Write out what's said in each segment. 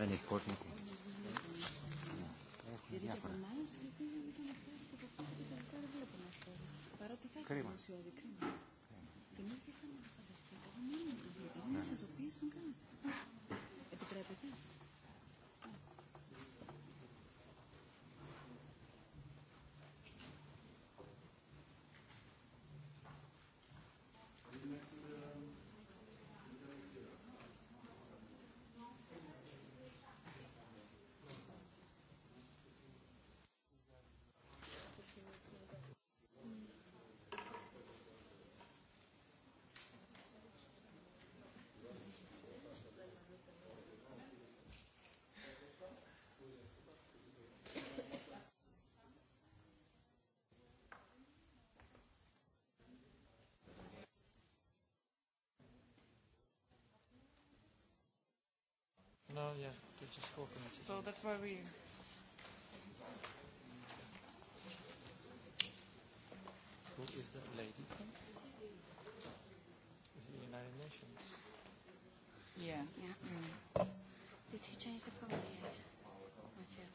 Δεν υπάρχει. Παρότι θα ήταν δημοσιώδη, κρίμα. Και εμεί είχαμε φανταστεί. Εγώ μείνουμε το βίντεο, δεν μα ειδοποίησαν καν. Επιτρέπετε. which is core committee. So that's why we. Who is that lady from? Is it the United Nations? Yeah. Yeah. Mm. Did he change the cover? Yes. Not yet.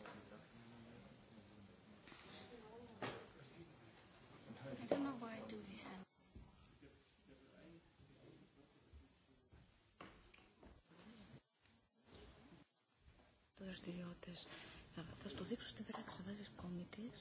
I don't know why I do this. And δραστηριότητες. Θα το δείξω στην πράξη, θα βάζεις κόμιτες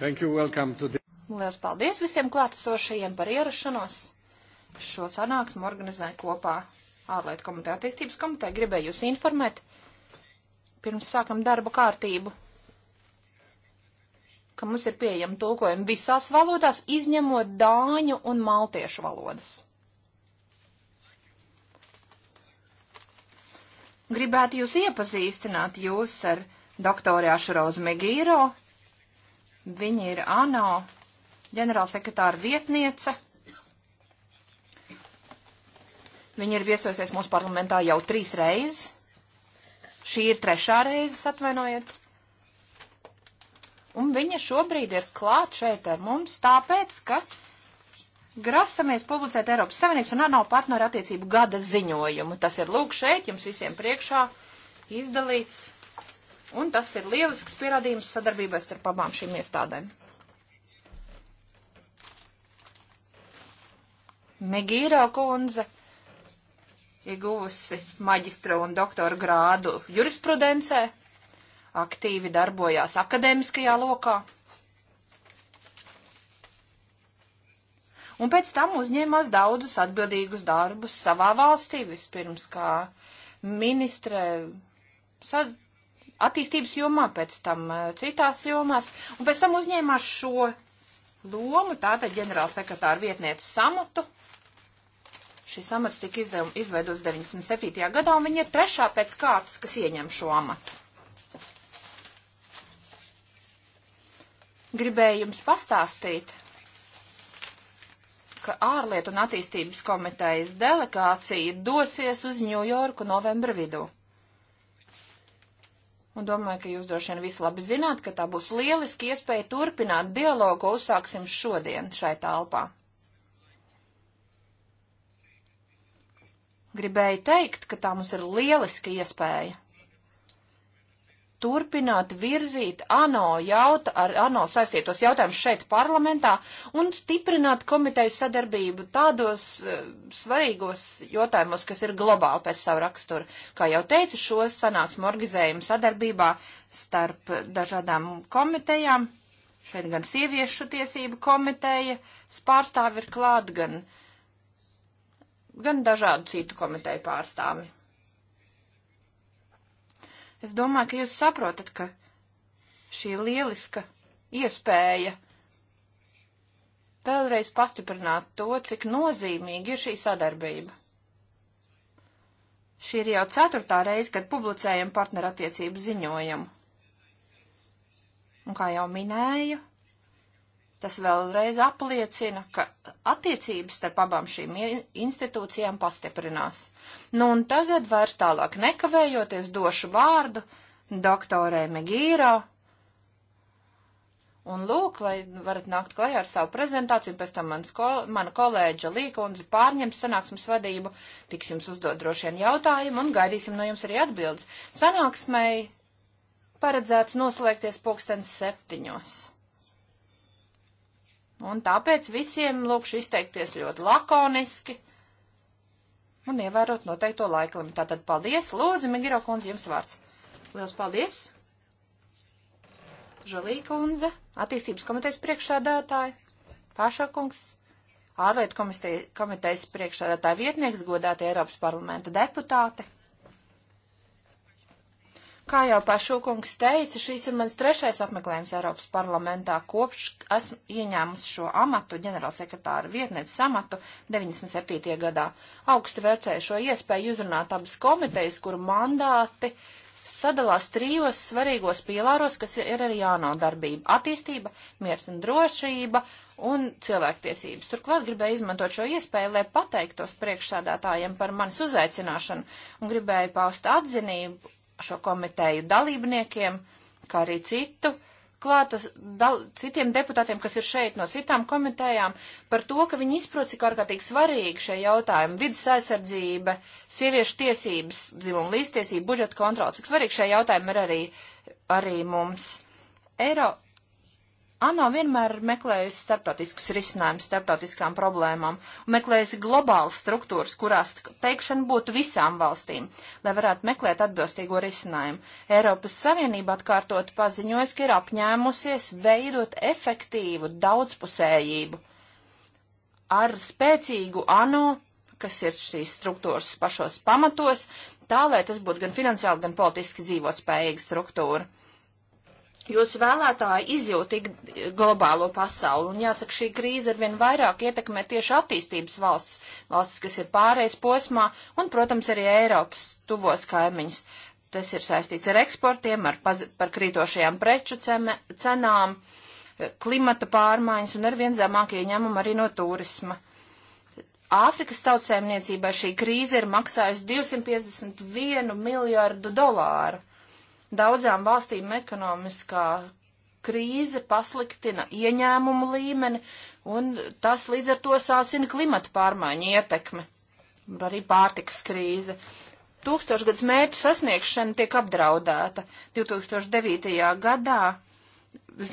Thank you, welcome to the... Lielas paldies visiem klātesošajiem par ierašanos. Šo sanāksmu organizēju kopā ārlietu komiteja attīstības komiteja. Gribēju jūs informēt, pirms sākam darba kārtību, ka mums ir pieejama tulkojuma visās valodās, izņemot dāņu un maltiešu valodas. Gribētu jūs iepazīstināt jūs ar doktori Ašrauz Megīro, Viņa ir ANO ģenerālsekretāra vietniece. Viņa ir viesosies mūsu parlamentā jau trīs reizes. Šī ir trešā reize, atvainojiet. Un viņa šobrīd ir klāt šeit ar mums, tāpēc, ka grasamies publicēt Eiropas Savienības un ANO partneru attiecību gada ziņojumu. Tas ir lūk šeit, jums visiem priekšā izdalīts. Un tas ir lielisks pierādījums sadarbībai starp abām šīm iestādēm. Megīra Konze ieguvusi maģistra un doktora grādu jurisprudencē, aktīvi darbojās akadēmiskajā lokā. Un pēc tam uzņēmās daudzus atbildīgus darbus savā valstī, vispirms kā ministre sad attīstības jomā, pēc tam eh, citās jomās, un pēc tam uzņēmās šo lomu, tātad ģenerālsekretāra vietnieces samatu. Šis amats tika izdevum, izveidots 97. gadā, un viņa ir trešā pēc kārtas, kas ieņem šo amatu. Gribēju jums pastāstīt, ka ārlietu un attīstības komitejas delegācija dosies uz Ņujorku novembra vidū. Un domāju, ka jūs droši vien visi labi zināt, ka tā būs lieliski iespēja turpināt dialogu, ko uzsāksim šodien šai telpā. Gribēju teikt, ka tā mums ir lieliska iespēja turpināt virzīt ANO, jauta, ar ANO saistītos jautājumus šeit parlamentā un stiprināt komiteju sadarbību tādos uh, svarīgos jautājumos, kas ir globāli pēc savu raksturu. Kā jau teicu, šos sanāksmu organizējumu sadarbībā starp dažādām komitejām. Šeit gan sieviešu tiesību komiteja pārstāvi ir klāt, gan, gan dažādu citu komiteju pārstāvi. Es domāju, ka jūs saprotat, ka šī lieliska iespēja vēlreiz pastiprināt to, cik nozīmīgi ir šī sadarbība. Šī ir jau ceturtā reize, kad publicējam partnerattiecību ziņojumu. Un kā jau minēju, Tas vēlreiz apliecina, ka attiecības starp abām šīm institūcijām pastiprinās. Nu un tagad vairs tālāk nekavējoties došu vārdu doktorē Megīro. Un lūk, lai varat nākt klajā ar savu prezentāciju, pēc tam mans kol mana kolēģa Līkundze pārņems sanāksmes vadību, tiks jums uzdot droši vien jautājumu un gaidīsim no jums arī atbildes. Sanāksmei paredzēts noslēgties pulkstens septiņos. Un tāpēc visiem lūkšu izteikties ļoti lakoniski un ievērot noteikto laiklimi. Tātad paldies, lūdzu, Migiro kundze, jums vārds. Liels paldies! Žalī kundze, attīstības komitejas priekšsādātāji, Pašakungs, ārlietu komitejas priekšsādātāja vietnieks, godātie Eiropas parlamenta deputāti. Kā jau pašūkungs teica, šīs ir mans trešais apmeklējums Eiropas parlamentā, kopš esmu ieņēmusi šo amatu, ģenerālsekretāra vietnieces amatu 97. gadā. Augsti vērtēju šo iespēju uzrunāt abas komitejas, kuru mandāti sadalās trijos svarīgos pīlāros, kas ir arī jāno darbība - attīstība, miers un drošība un cilvēktiesības. Turklāt gribēju izmantot šo iespēju, lai pateiktos priekšsādātājiem par manis uzaicināšanu un gribēju paust atzinību šo komiteju dalībniekiem, kā arī citu klātas dal, citiem deputātiem, kas ir šeit no citām komitējām, par to, ka viņi izprot, cik ārkārtīgi svarīgi šie jautājumi - vidas aizsardzība, sieviešu tiesības, dzimuma līdztiesība, budžeta kontrola, cik svarīgi šie jautājumi ir arī, arī mums. Eiro, ANO vienmēr meklējusi starptautiskus risinājumus starptautiskām problēmām un meklējusi globālas struktūras, kurās teikšana būtu visām valstīm, lai varētu meklēt atbilstīgo risinājumu. Eiropas Savienība atkārtot paziņojas, ka ir apņēmusies veidot efektīvu daudzpusējību ar spēcīgu ANO, kas ir šīs struktūras pašos pamatos, tā, lai tas būtu gan finansiāli, gan politiski dzīvotspējīga struktūra. Jūsu vēlētāji izjūt globālo pasauli, un jāsaka, šī krīze arvien vairāk ietekmē tieši attīstības valsts, valsts, kas ir pārējais posmā, un, protams, arī Eiropas tuvos kaimiņus. Tas ir saistīts ar eksportiem, ar paz, par krītošajām preču cenām, klimata pārmaiņas un arvien zemāk ieņēmumu arī no turisma. Āfrikas tautsēmniecībā šī krīze ir maksājusi 251 miljardu dolāru Daudzām valstīm ekonomiskā krīze pasliktina ieņēmumu līmeni, un tas līdz ar to sāsina klimata pārmaiņu ietekmi, arī pārtikas krīze. Tūkstošgads mērķu sasniegšana tiek apdraudēta. 2009. gadā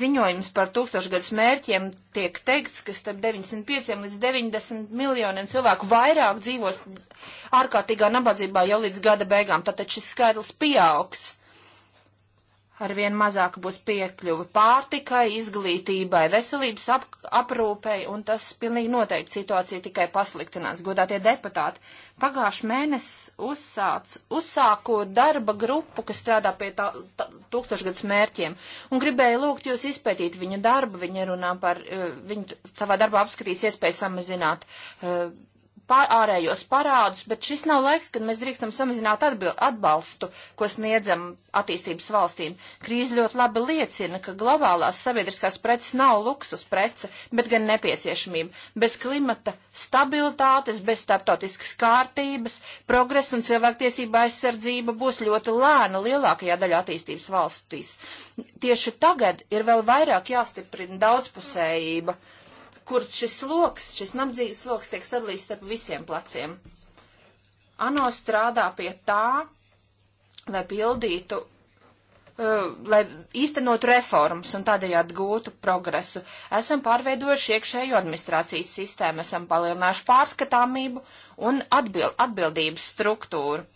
ziņojums par tūkstošgads mērķiem tiek teikts, ka starp 905 līdz 90 miljoniem cilvēku vairāk dzīvos ārkārtīgā nabadzībā jau līdz gada beigām, tātad šis skaitlis pieaugs arvien mazāk būs piekļuva pārtikai, izglītībai, veselības ap aprūpei, un tas pilnīgi noteikti situācija tikai pasliktinās. Godātie deputāti, pagājuši mēnesi uzsāc, uzsāko darba grupu, kas strādā pie tā, tā, tūkstošgads mērķiem, un gribēju lūgt jūs izpētīt viņu darbu, viņa runā par, eh, viņa savā darbā apskatīs iespēju samazināt uh, ārējos parādus, bet šis nav laiks, kad mēs drīkstam samazināt atbalstu, ko sniedzam attīstības valstīm. Krīze ļoti labi liecina, ka globālās sabiedriskās preces nav luksus prece, bet gan nepieciešamība. Bez klimata stabilitātes, bez starptautiskas kārtības, progresa un cilvēktiesība aizsardzība būs ļoti lēna lielākajā daļā attīstības valstīs. Tieši tagad ir vēl vairāk jāstiprina daudzpusējība. Mm kur šis sloks, šis nabadzības sloks tiek sadalīts starp visiem pleciem. ANO strādā pie tā, lai pildītu, uh, lai īstenotu reformas un tādējādi gūtu progresu. Esam pārveidojuši iekšējo administrācijas sistēmu, esam palielinājuši pārskatāmību un atbild, atbildības struktūru.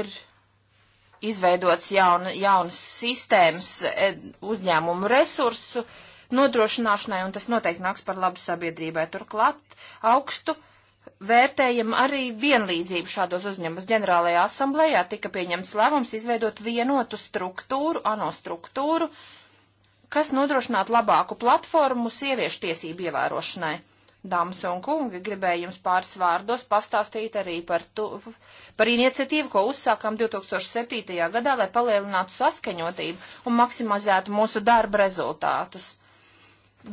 Ir izveidots jaun, jaunas sistēmas e, uzņēmumu resursu uh, nodrošināšanai, un tas noteikti nāks par labu sabiedrībai. Turklāt augstu vērtējam arī vienlīdzību šādos uzņēmumus. Ģenerālajā asamblējā tika pieņemts lēmums izveidot vienotu struktūru, ANO struktūru, kas nodrošinātu labāku platformu sieviešu tiesību ievērošanai. Dāmas un kungi, gribēju jums pāris vārdos pastāstīt arī par, tu, par iniciatīvu, ko uzsākām 2007. gadā, lai palielinātu saskaņotību un maksimizētu mūsu darba rezultātus.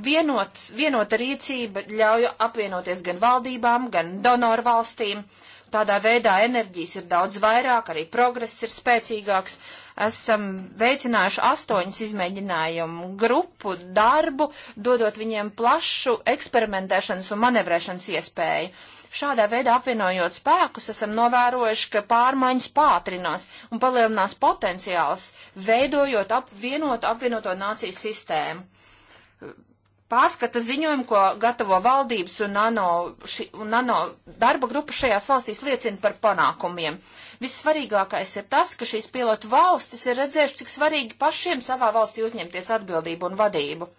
Vienot, vienota rīcība ļauj apvienoties gan valdībām, gan donoru valstīm. Tādā veidā enerģijas ir daudz vairāk, arī progress ir spēcīgāks. Esam veicinājuši astoņas izmēģinājumu grupu darbu, dodot viņiem plašu eksperimentēšanas un manevrēšanas iespēju. Šādā veidā apvienojot spēkus, esam novērojuši, ka pārmaiņas pātrinās un palielinās potenciāls, veidojot ap vienotu apvienoto nāciju sistēmu pārskata ziņojumu, ko gatavo valdības un ANO, ši, un ANO darba grupa šajās valstīs liecina par panākumiem. Vissvarīgākais ir tas, ka šīs pilotu valstis ir redzējuši, cik svarīgi pašiem savā valstī uzņemties atbildību un vadību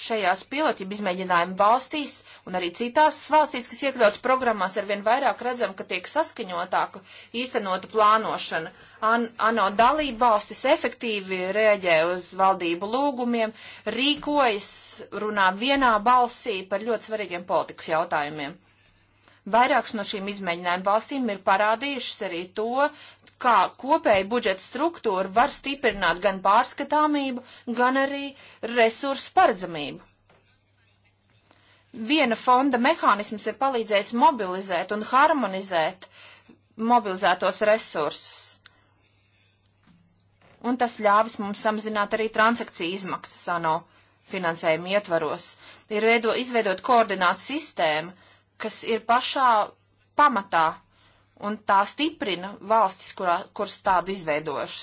šajās pilotību izmēģinājumu valstīs un arī citās valstīs, kas iekļauts programmās, arvien vairāk redzam, ka tiek saskaņotāka īstenota plānošana. An ANO dalība valstis efektīvi reaģē uz valdību lūgumiem, rīkojas, runā vienā balsī par ļoti svarīgiem politikas jautājumiem. Vairākas no šīm izmēģinājumu valstīm ir parādījušas arī to, kā kopēja budžeta struktūra var stiprināt gan pārskatāmību, gan arī resursu paredzamību. Viena fonda mehānisms ir palīdzējis mobilizēt un harmonizēt mobilizētos resursus. Un tas ļāvis mums samazināt arī transakciju izmaksas ANO finansējuma ietvaros. Ir veido, izveidot koordinātu sistēmu, kas ir pašā pamatā un tā stiprina valstis, kurā, kuras tādu izveidojušas.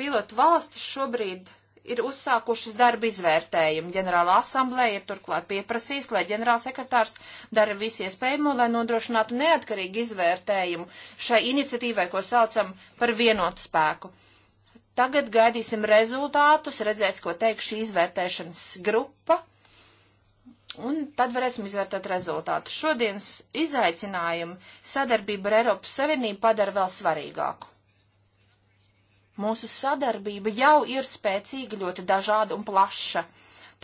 Pilotu valstis šobrīd ir uzsākušas darba izvērtējumu. Ģenerāla asamblēja ir turklāt pieprasījusi, lai ģenerālsekretārs dara visu iespējamo, lai nodrošinātu neatkarīgu izvērtējumu šai iniciatīvai, ko saucam par vienotu spēku. Tagad gaidīsim rezultātus, redzēs, ko teiks šī izvērtēšanas grupa Un tad varēsim izvērtēt rezultātu. Šodienas izaicinājumu sadarbība ar Eiropas Savienību padara vēl svarīgāku. Mūsu sadarbība jau ir spēcīga, ļoti dažāda un plaša.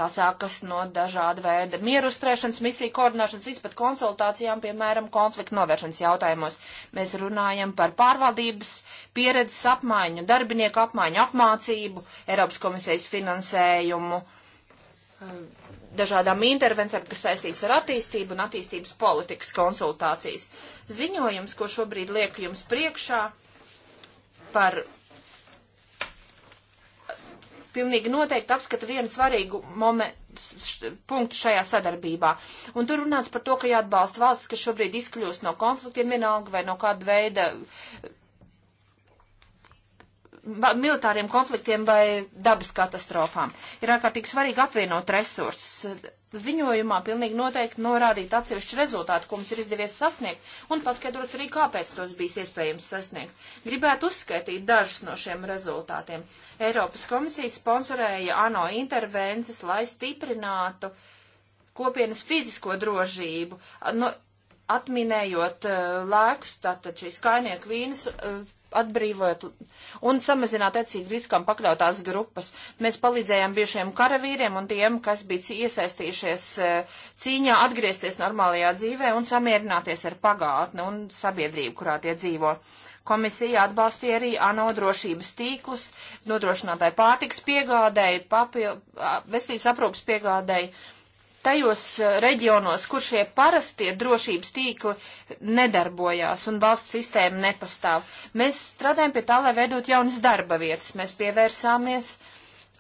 Tā sākas no dažāda veida mieru strēšanas, misiju koordināšanas, līdz pat konsultācijām, piemēram, konfliktu novēršanas jautājumos. Mēs runājam par pārvaldības pieredzes apmaiņu, darbinieku apmaiņu, apmācību, Eiropas komisijas finansējumu dažādām intervencijām, kas saistīts ar attīstību un attīstības politikas konsultācijas. Ziņojums, ko šobrīd lieku jums priekšā par pilnīgi noteikti apskata vienu svarīgu momentu, punktu šajā sadarbībā. Un tur runāts par to, ka jāatbalsta valsts, kas šobrīd izkļūst no konfliktiem vienalga vai no kāda veida militāriem konfliktiem vai dabas katastrofām. Ir ārkārtīgi svarīgi apvienot resursus. Ziņojumā pilnīgi noteikti norādīt atsevišķu rezultātu, ko mums ir izdevies sasniegt, un paskaidrots arī, kāpēc tos bijis iespējams sasniegt. Gribētu uzskaitīt dažus no šiem rezultātiem. Eiropas komisija sponsorēja ANO intervences, lai stiprinātu kopienas fizisko drošību, no, atminējot uh, laikus, tātad šīs kainieku vīnas. Uh, atbrīvojot un samazināt atcīm riskam pakļautās grupas. Mēs palīdzējām biešiem karavīriem un tiem, kas bija iesaistījušies e, cīņā, atgriezties normālajā dzīvē un samierināties ar pagātni un sabiedrību, kurā tie dzīvo. Komisija atbalstīja arī ANO drošības tīklus, nodrošinātāju pārtiks piegādēju, papil, veselības aprūpas piegādēju tajos eh, reģionos, kur šie parastie drošības tīkli nedarbojās un valsts sistēma nepastāv. Mēs strādājam pie tā, lai veidot jaunas darba vietas. Mēs pievērsāmies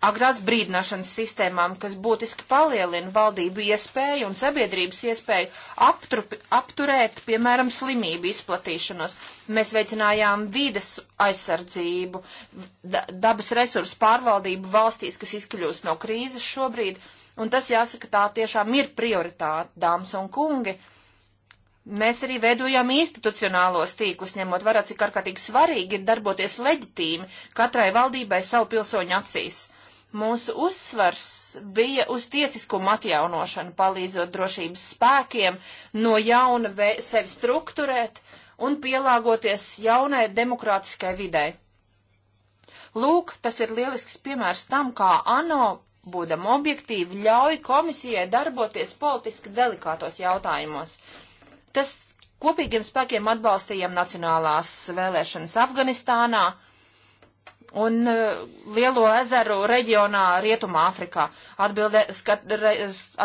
agrās brīdināšanas sistēmām, kas būtiski palielina valdību iespēju un sabiedrības iespēju aptrupi, apturēt, piemēram, slimību izplatīšanos. Mēs veicinājām vides aizsardzību, dabas resursu pārvaldību valstīs, kas izkļūst no krīzes šobrīd. Uh, Un tas jāsaka, tā tiešām ir prioritāte, dāmas un kungi. Mēs arī veidojam institucionālos tīklus, ņemot vērā, cik ārkārtīgi svarīgi ir darboties leģitīmi katrai valdībai savu pilsoņu acīs. Mūsu uzsvars bija uz tiesiskumu atjaunošanu, palīdzot drošības spēkiem no jauna sevi strukturēt un pielāgoties jaunai demokrātiskai videi. Lūk, tas ir lielisks piemērs tam, kā ANO būdam objektīvi, ļauj komisijai darboties politiski delikātos jautājumos. Tas kopīgiem spēkiem atbalstījām nacionālās vēlēšanas Afganistānā un e, Lielo ezeru reģionā Rietumā Afrikā. Atbildē, skat, re,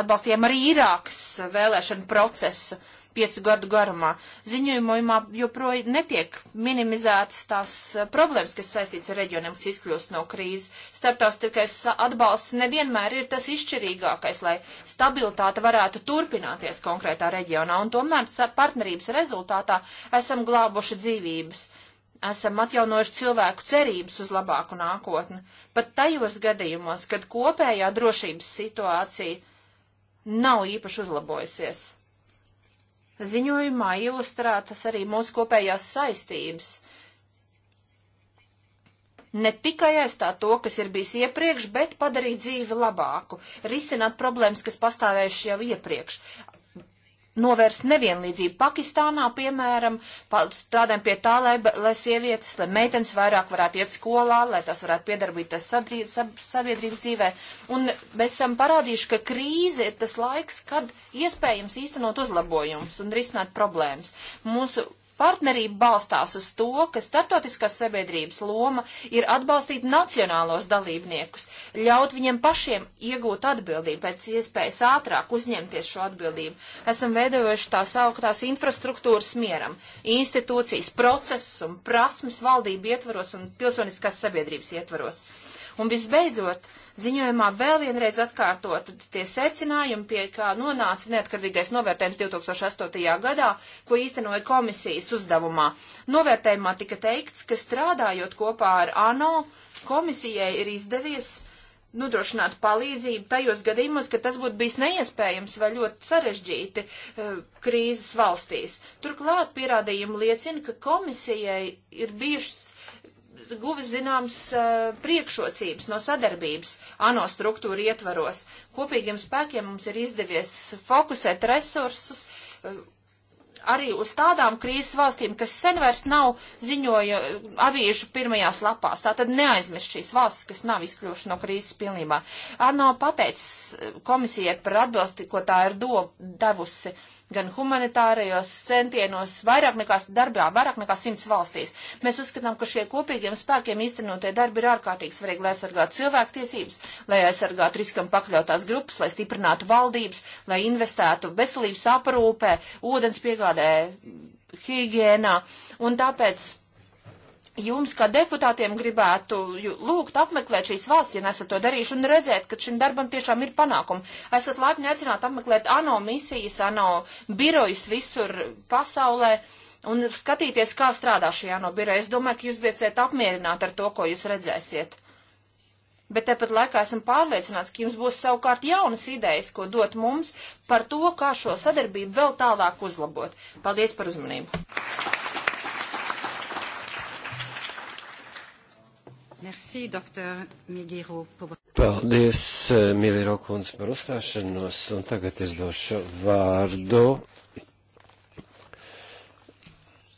atbalstījām arī Irākas vēlēšanu procesu. Uh, piecu gadu garumā. Ziņojumā joprojām netiek minimizētas tās eh, problēmas, kas saistīts ar reģioniem, kas izkļūst no krīzes. Starptautiskais atbalsts nevienmēr ir tas izšķirīgākais, lai stabilitāte varētu turpināties konkrētā reģionā, un tomēr partnerības rezultātā esam glābuši dzīvības esam atjaunojuši cilvēku cerības uz labāku nākotni, pat tajos gadījumos, kad kopējā drošības situācija nav īpaši uzlabojusies. Ziņojumā ilustrētas arī mūsu kopējās saistības. Ne tikai aizstāt to, kas ir bijis iepriekš, bet padarīt dzīvi labāku, risināt problēmas, kas pastāvējušas jau iepriekš, novērst nevienlīdzību. Pakistānā, piemēram, strādājam pie tā, lai, lai sievietes, lai meitenes vairāk varētu iet skolā, lai tas varētu piedarbīties sabiedrības dzīvē. Un mēs esam parādījuši, ka krīze ir tas laiks, kad iespējams īstenot uzlabojumus un risināt problēmas. Mūsu Partnerība balstās uz to, ka startotiskās sabiedrības loma ir atbalstīt nacionālos dalībniekus, ļaut viņiem pašiem iegūt atbildību, pēc iespējas ātrāk uzņemties šo atbildību. Esam veidojuši tās augtās infrastruktūras mieram, institūcijas, procesus un prasmes valdību ietvaros un pilsoniskās sabiedrības ietvaros. Uh, Un visbeidzot, ziņojumā vēl vienreiz atkārtot tie secinājumi, pie kā nonāca neatkarīgais novērtējums 2008. gadā, ko īstenoja komisijas uzdevumā. Novērtējumā tika teikts, ka strādājot kopā ar ANO, komisijai ir izdevies nodrošināt palīdzību tajos gadījumos, ka tas būtu bijis neiespējams vai ļoti sarežģīti eh, krīzes valstīs. Turklāt pierādījumi liecina, ka komisijai ir bijušas guvis zināms eh, priekšrocības no sadarbības ANO struktūra ietvaros. Kopīgiem spēkiem mums ir izdevies fokusēt resursus eh, arī uz tādām krīzes valstīm, kas sen vairs nav ziņoja avīžu pirmajās lapās. Tātad neaizmirst šīs valstis, kas nav izkļuvušas no krīzes pilnībā. ANO pateicis eh, komisijai par atbilsti, ko tā ir do, devusi. Uh, gan humanitārajos centienos vairāk nekā darbā, vairāk nekā simts valstīs. Mēs uzskatām, ka šie kopīgiem spēkiem īstenotie darbi ir ārkārtīgi svarīgi, lai aizsargātu cilvēktiesības, lai aizsargātu riskam pakļautās grupas, lai stiprinātu valdības, lai investētu veselības aprūpē, ūdens piegādē, higiēnā. Un tāpēc jums, kā deputātiem, gribētu lūgt apmeklēt šīs valsts, ja nesat to darījuši, un redzēt, ka šim darbam tiešām ir panākumi. Esat laipni aicināt apmeklēt ANO misijas, ANO birojas visur pasaulē. Un skatīties, kā strādā šī ANO biroja. Es domāju, ka jūs biesiet apmierināti ar to, ko jūs redzēsiet. Bet tepat laikā esam pārliecināts, ka jums būs savukārt jaunas idejas, ko dot mums par to, kā šo sadarbību vēl tālāk uzlabot. Paldies par uzmanību! Merci, doktor Migiro. Paldies, eh, Migiro kundze, par uzstāšanos, un tagad es došu vārdu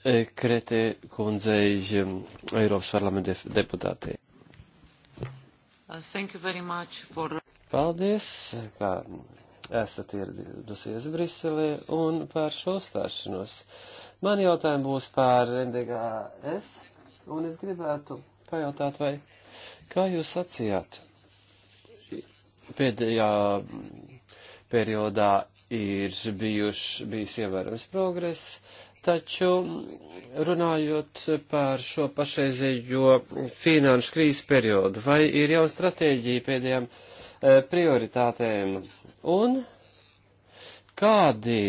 eh, Kretē kundzei eh, Eiropas parlamenta deputātei. Uh, thank you very much for. Paldies, ka esat ieradusies Briselē un par šo stāšanos. Man jautājumi būs par NDGS, un es gribētu pajautāt, vai kā jūs sacījāt? Pēdējā periodā ir bijuši, bijis ievērams progress, taču runājot par šo pašreizējo finanšu krīzes periodu, vai ir jau stratēģija pēdējām e, prioritātēm un kādi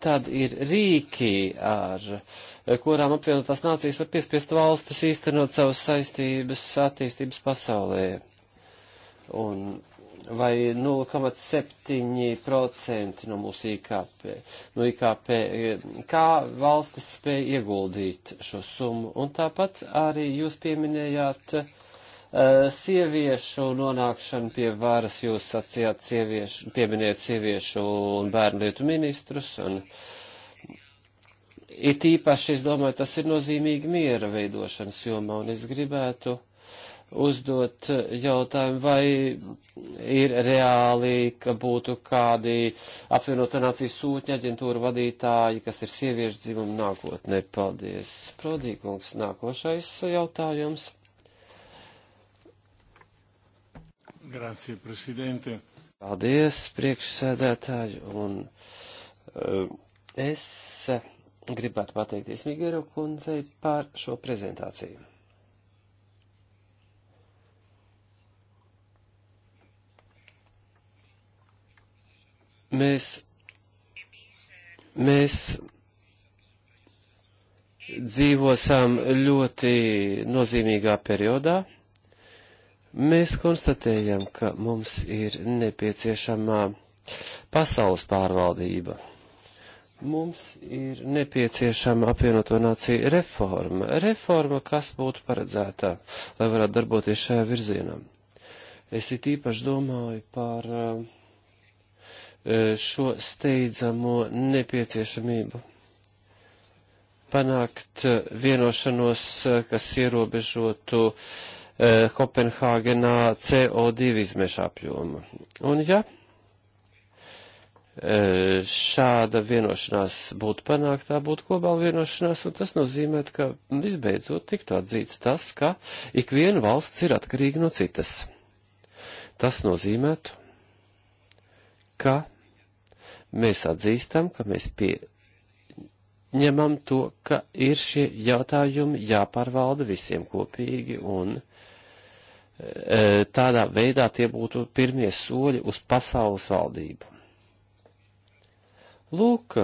tad ir rīki ar uh, Eh, kurām apvienotās nācijas var piespiest valstis īstenot savas saistības attīstības pasaulē. Un vai 0,7% no mūsu IKP, no IKP, eh, kā valstis spēja ieguldīt šo summu. Un tāpat arī jūs pieminējāt uh, sieviešu nonākšanu pie varas, jūs sacījāt sieviešu, pieminējāt sieviešu un bērnu lietu ministrus un uh, It īpaši, es domāju, tas ir nozīmīgi miera veidošanas jomā, un es gribētu uzdot jautājumu, vai ir reāli, ka būtu kādi apvienoto nāciju sūtņa aģentūra vadītāji, kas ir sieviešu dzimumu nākotnē. Paldies, Prodīkungs. Nākošais jautājums. Grazie, prezidente. Paldies, priekšsēdētāji, un uh, es. Uh, Gribētu pateikties Migero kundzei par šo prezentāciju. Mēs, mēs dzīvosam ļoti nozīmīgā periodā. Mēs konstatējam, ka mums ir nepieciešama pasaules pārvaldība. Mums ir nepieciešama apvienoto nāciju reforma. Reforma, kas būtu paredzētā, lai varētu darboties šajā virzienā. Es it īpaši domāju par eh, šo steidzamo nepieciešamību panākt eh, vienošanos, eh, kas ierobežotu Kopenhāgenā CO2 izmešu apjomu. Un ja E, šāda vienošanās būtu panāktā, būtu globāla vienošanās, un tas nozīmē, ka visbeidzot tiktu atzīts tas, ka ikviena valsts ir atkarīga no citas. Tas nozīmē, ka mēs atzīstam, ka mēs pieņemam to, ka ir šie jautājumi jāpārvalda visiem kopīgi un e, tādā veidā tie būtu pirmie soļi uz pasaules valdību Lūk,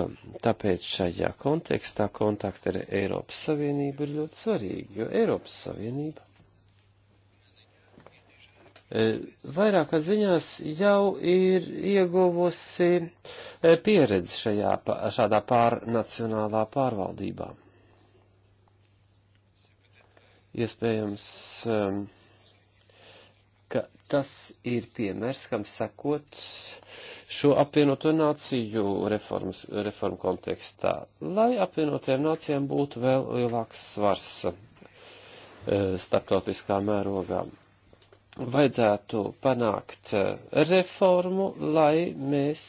tāpēc šajā kontekstā kontakti ar Eiropas Savienību ir ļoti svarīgi, jo Eiropas Savienība e, vairākās ziņās jau ir ieguvusi e, pieredzi šajā, šādā pārnacionālā pārvaldībā. Iespējams, um, Tas ir piemērs, kam sakot šo apvienoto nāciju reformas, reformu kontekstā, lai apvienotajām nācijām būtu vēl lielāks svars e, starptautiskā mērogā. Vajadzētu panākt e, reformu, lai mēs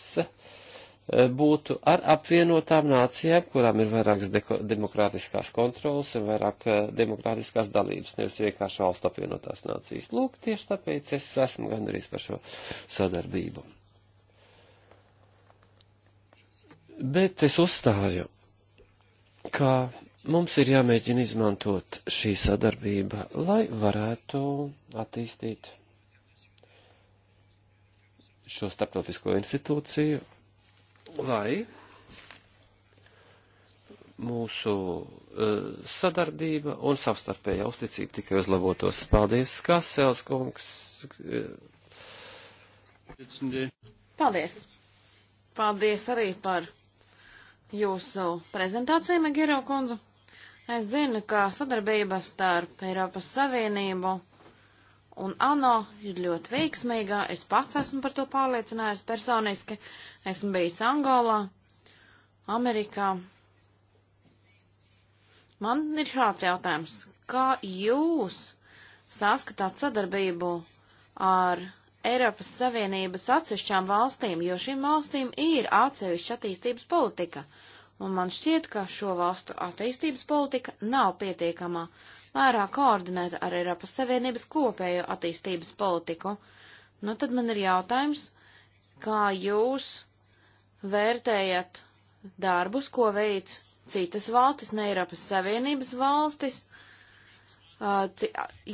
Eh, būtu ar apvienotām nācijām, kurām ir vairākas demokrātiskās kontrolas un vairāk eh, demokrātiskās dalības, nevis vienkārši valstu apvienotās nācijas. Lūk, tieši tāpēc es esmu gandrīz par šo sadarbību. Bet es uzstāju, ka mums ir jāmēģina izmantot šī sadarbība, lai varētu attīstīt šo starptautisko institūciju lai mūsu uh, sadarbība un savstarpējā uzticība tikai uzlabotos. Paldies, Kasels kungs. Eh. Paldies. Paldies arī par jūsu prezentāciju, Megiro kundzu. Es zinu, ka sadarbība starp Eiropas Savienību Un ANO ir ļoti veiksmīga, es pats esmu par to pārliecinājies personiski, esmu bijis Angolā, Amerikā. Man ir šāds jautājums, kā jūs saskatāt sadarbību ar Eiropas Savienības atsevišķām valstīm, jo šīm valstīm ir atsevišķa attīstības politika, un man šķiet, ka šo valstu attīstības politika nav pietiekama. Uh, vairāk koordinēta ar Eiropas Savienības kopējo attīstības politiku. Nu, tad man ir jautājums, kā jūs vērtējat darbus, ko veic citas valstis, ne Eiropas Savienības valstis,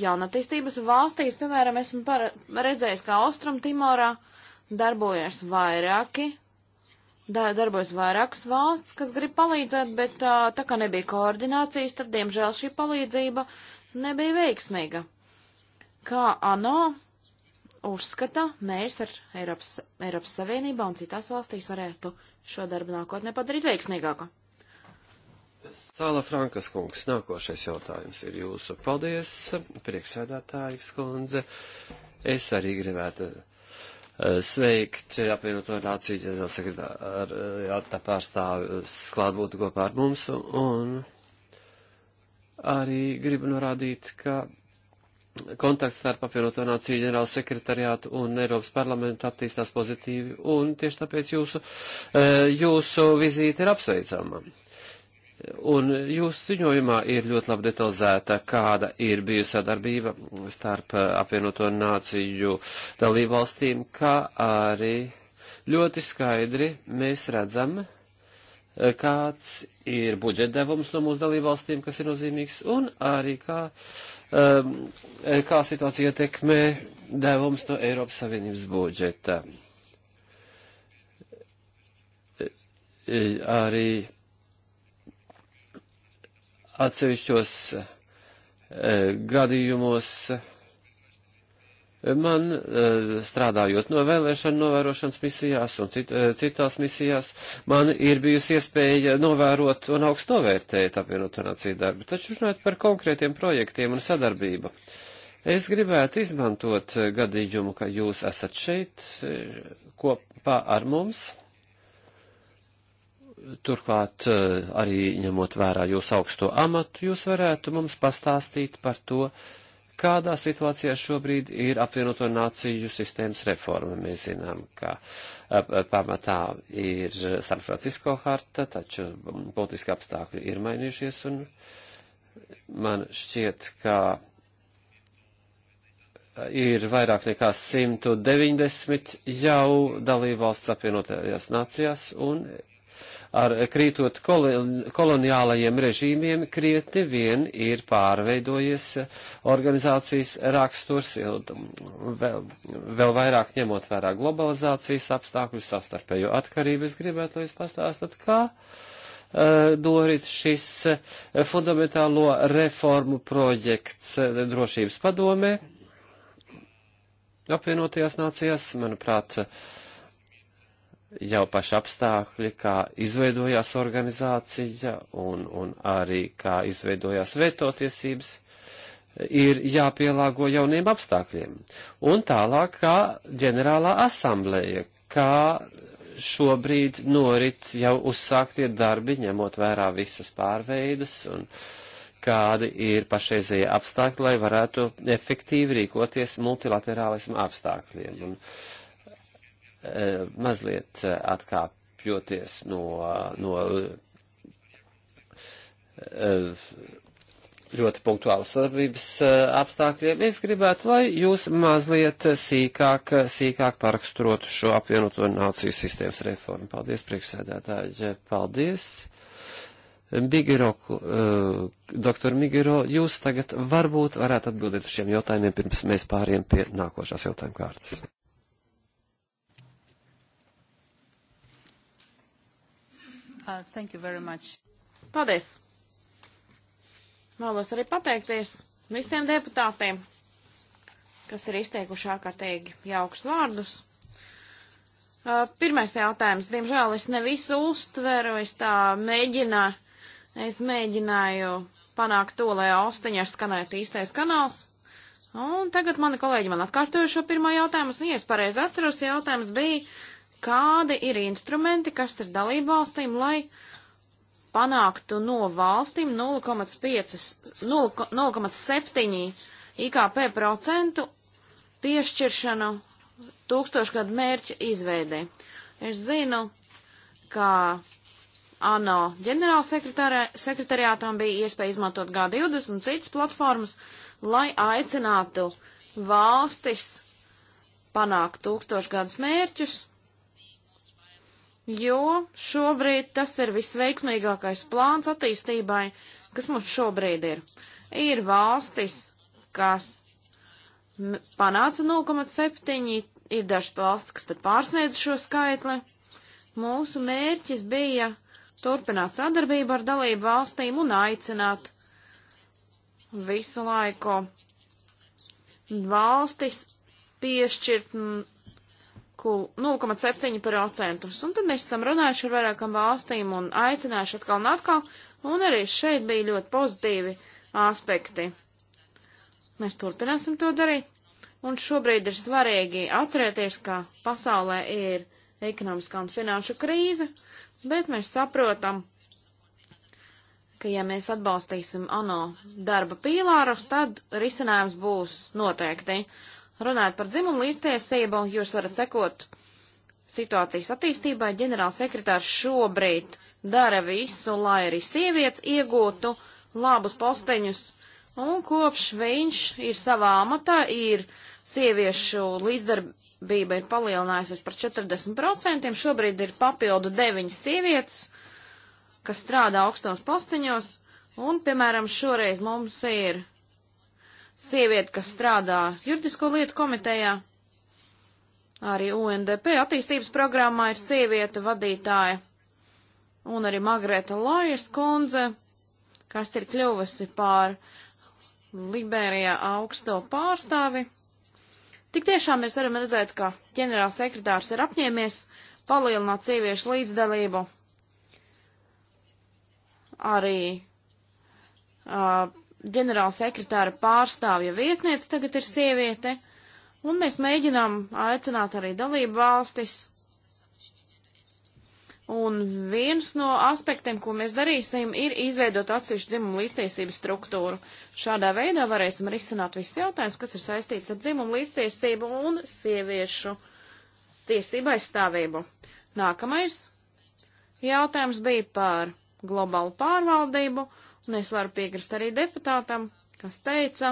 jaunatīstības valstīs, piemēram, esmu redzējis, ka Austrum Timorā darbojas vairāki darbojas vairākas valsts, kas grib palīdzēt, bet tā, tā kā nebija koordinācijas, tad, diemžēl, šī palīdzība nebija veiksmīga. Kā ANO uzskata, mēs ar Eiropas, Eiropas Savienībā un citās valstīs varētu šo darbu nākotnē padarīt veiksmīgāku. Sāla Frankas kungs, nākošais jautājums ir jūsu. Paldies, priekšsēdētājas kundze. Es arī gribētu uh, sveikt apvienoto nāciju ģenerālsekretāra pārstāvis klātbūtu kopā ar mums, un arī gribu norādīt, ka kontakts starp apvienoto nāciju ģenerāla sekretariātu un Eiropas parlamentu attīstās pozitīvi, un tieši tāpēc jūsu, eh, jūsu vizīte ir apsveicama. Un jūsu ziņojumā ir ļoti labi detalizēta, kāda ir bijusi sadarbība starp uh, apvienoto nāciju dalību valstīm, kā arī ļoti skaidri mēs redzam, uh, kāds ir budžeta devums no mūsu dalību valstīm, kas ir nozīmīgs, un arī kā, um, kā situācija ietekmē devums no Eiropas Savienības budžeta. Uh, arī atsevišķos e, gadījumos man e, strādājot no vēlēšana novērošanas misijās un cit, e, citās misijās, man ir bijusi iespēja novērot un augstu novērtēt apvienoto nāciju darbu. Taču runājot par konkrētiem projektiem un sadarbību, es gribētu izmantot gadījumu, ka jūs esat šeit e, kopā ar mums Turklāt eh, arī ņemot vērā jūsu augsto amatu, jūs varētu mums pastāstīt par to, kādā situācijā šobrīd ir apvienoto nāciju sistēmas reforma. Mēs zinām, ka eh, eh, pamatā ir San Francisco harta, taču politiski apstākļi ir mainījušies, un man šķiet, ka ir vairāk nekā 190 jau dalībvalsts apvienotajās nācijās, un ar krītot koloniālajiem režīmiem, krietni vien ir pārveidojies organizācijas raksturs, vēl, vēl vairāk ņemot vērā globalizācijas apstākļus, savstarpējo atkarību. Es gribētu, lai jūs pastāstat, kā norit e, šis e, fundamentālo reformu projekts e, drošības padomē apvienotajās nācijās, manuprāt, uh, jau paši apstākļi, kā izveidojās organizācija un, un arī kā izveidojās veto tiesības, ir jāpielāgo jauniem apstākļiem. Un tālāk, kā ģenerālā asambleja, kā šobrīd norit jau uzsāktie darbi, ņemot vērā visas pārveidas un kādi ir pašreizējie apstākļi, lai varētu efektīvi rīkoties multilaterālismu apstākļiem. Un, uh, mazliet eh, atkāpjoties no, no eh, ļoti punktuālas sadarbības eh, apstākļiem, es gribētu, lai jūs mazliet sīkāk, sīkāk paraksturotu šo apvienoto nāciju sistēmas reformu. Paldies, priekšsēdētāji. Paldies. Bigiro, doktor Migiro, jūs tagad varbūt varētu atbildēt uz šiem jautājumiem, pirms mēs pāriem pie nākošās jautājuma kārtas. Uh, thank you very much. Paldies! Vēlos arī pateikties visiem deputātiem, kas ir izteikuši ārkārtīgi jaukus vārdus. Uh, pirmais jautājums. Diemžēl es nevisu uztveru, es tā mēģināju, es mēģināju panākt to, lai austiņā skanētu īstais kanāls. Un tagad mani kolēģi man atkārtoja šo pirmo jautājumu, un, ja es pareizi atceros, jautājums bija, uh, kādi ir instrumenti, kas ir dalībvalstīm, lai panāktu no valstīm 0,7 IKP procentu piešķiršanu tūkstošgadu mērķa izveidē. Es zinu, ka ANO ģenerālsekretariātam bija iespēja izmantot G20 un citas platformas, lai aicinātu valstis panākt tūkstošgadus mērķus jo šobrīd tas ir visveiksmīgākais plāns attīstībai, kas mums šobrīd ir. Ir valstis, kas panāca 0,7, ir dažas valstis, kas pat pārsniedz šo skaitli. Mūsu mērķis bija turpināt sadarbību ar dalību valstīm un aicināt visu laiku valstis piešķirt 0,7%. Un tad mēs esam runājuši ar vairākām valstīm un aicinājuši atkal un atkal, un arī šeit bija ļoti pozitīvi aspekti. Mēs turpināsim to darīt, un šobrīd ir svarīgi atcerēties, ka pasaulē ir ekonomiskā un finanšu krīze, bet mēs saprotam, ka ja mēs atbalstīsim ANO darba pīlārus, tad risinājums būs noteikti. Runājot par dzimumu līdztiesību, jūs varat sekot situācijas attīstībai. Ģenerāls sekretārs šobrīd dara visu, lai arī sievietes iegūtu labus posteņus. Un kopš viņš ir savā amatā, ir sieviešu līdzdarbība ir palielinājusies par 40%. Šobrīd ir papildu 9 sievietes, kas strādā augstos posteņos. Un, piemēram, šoreiz mums ir sievieti, kas strādā juridisko lietu komitejā. Arī UNDP attīstības programmā ir sieviete vadītāja. Un arī Magrēta Lojas kundze, kas ir kļuvusi pār Liberijā augsto pārstāvi. Tik tiešām mēs varam redzēt, ka ģenerālsekretārs ir apņēmies palielināt sieviešu līdzdalību. Arī uh, ģenerāla sekretāra pārstāvja vietniece tagad ir sieviete, un mēs mēģinām aicināt arī dalību valstis. Un viens no aspektiem, ko mēs darīsim, ir izveidot atsevišķu dzimumu līdztiesību struktūru. Šādā veidā varēsim risināt visus jautājumus, kas ir saistīts ar dzimumu līdztiesību un sieviešu tiesību aizstāvību. Nākamais jautājums bija par globālu pārvaldību Un nu, es varu piekrist arī deputātam, kas teica,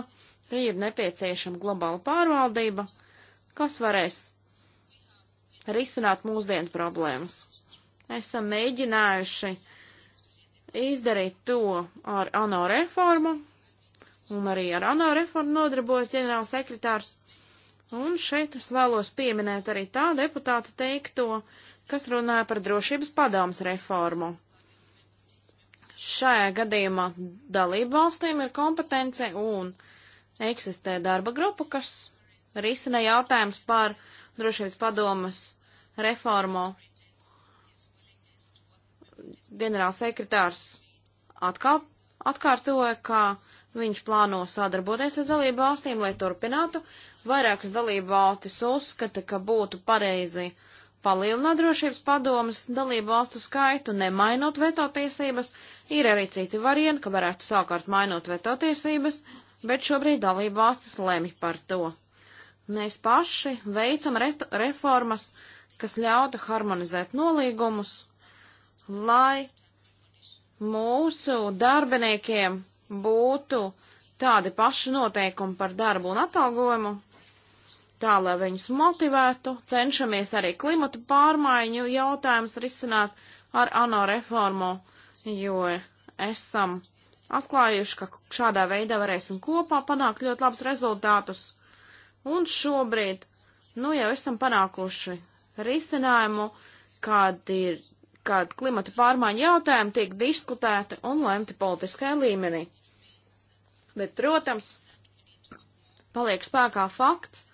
ka ir nepieciešama globāla pārvaldība, kas varēs risināt mūsdienu problēmas. Esam mēģinājuši izdarīt to ar ANO reformu, un arī ar ANO reformu nodarbojas ģenerāls sekretārs. Un šeit es vēlos pieminēt arī tā deputāta teikto, kas runāja par drošības padomas reformu. Šajā gadījumā dalību valstīm ir kompetence un eksistē darba grupa, kas risina jautājums par drošības padomas reformu. Ģenerālsekretārs atkal atkārtoja, ka viņš plāno sadarboties ar dalību valstīm, lai turpinātu. Vairākas dalību valstis uzskata, ka būtu pareizi palielināt drošības padomas dalību valstu skaitu, nemainot veto tiesības. Ir arī citi varianti, ka varētu sākārt mainot veto tiesības, bet šobrīd dalību valstis lemj par to. Mēs paši veicam reformas, kas ļautu harmonizēt nolīgumus, lai mūsu darbiniekiem būtu tādi paši noteikumi par darbu un atalgojumu, tā, lai viņus motivētu. Cenšamies arī klimatu pārmaiņu jautājumus risināt ar ANO reformu, jo esam atklājuši, ka šādā veidā varēsim kopā panākt ļoti labus rezultātus. Un šobrīd, nu jau esam panākuši risinājumu, kad ir, kad klimata pārmaiņu jautājumi tiek diskutēti un lemti politiskajā līmenī. Bet, protams, paliek spēkā fakts,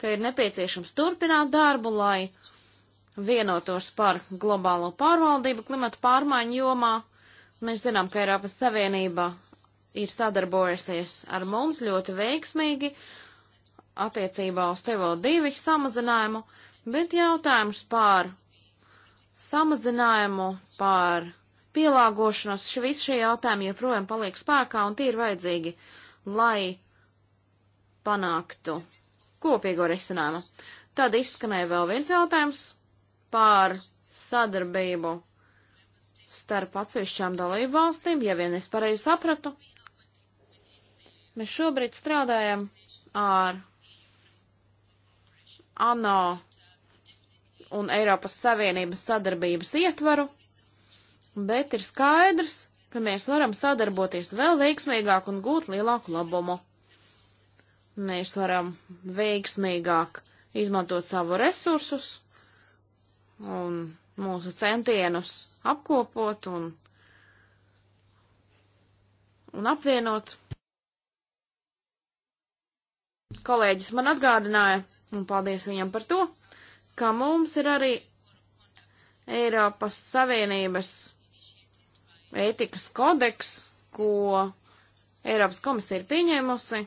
ka ir nepieciešams turpināt darbu, lai vienotos par globālo pārvaldību klimata pārmaiņu jomā. Mēs zinām, ka Eiropas Savienība ir sadarbojusies ar mums ļoti veiksmīgi attiecībā uz CO2 samazinājumu, bet jautājums par samazinājumu, par pielāgošanos, viss šie jautājumi joprojām paliek spēkā un tie ir vajadzīgi, lai panāktu kopīgo risinājumu. Tad izskanēja vēl viens jautājums par sadarbību starp atsevišķām dalību valstīm, ja vien es pareizi sapratu. Mēs šobrīd strādājam ar ANO un Eiropas Savienības sadarbības ietvaru, bet ir skaidrs, ka mēs varam sadarboties vēl veiksmīgāk un gūt lielāku labumu mēs varam veiksmīgāk izmantot savu resursus un mūsu centienus apkopot un, un apvienot. Kolēģis man atgādināja, un paldies viņam par to, ka mums ir arī Eiropas Savienības ētikas kodeks, ko Eiropas komisija ir pieņēmusi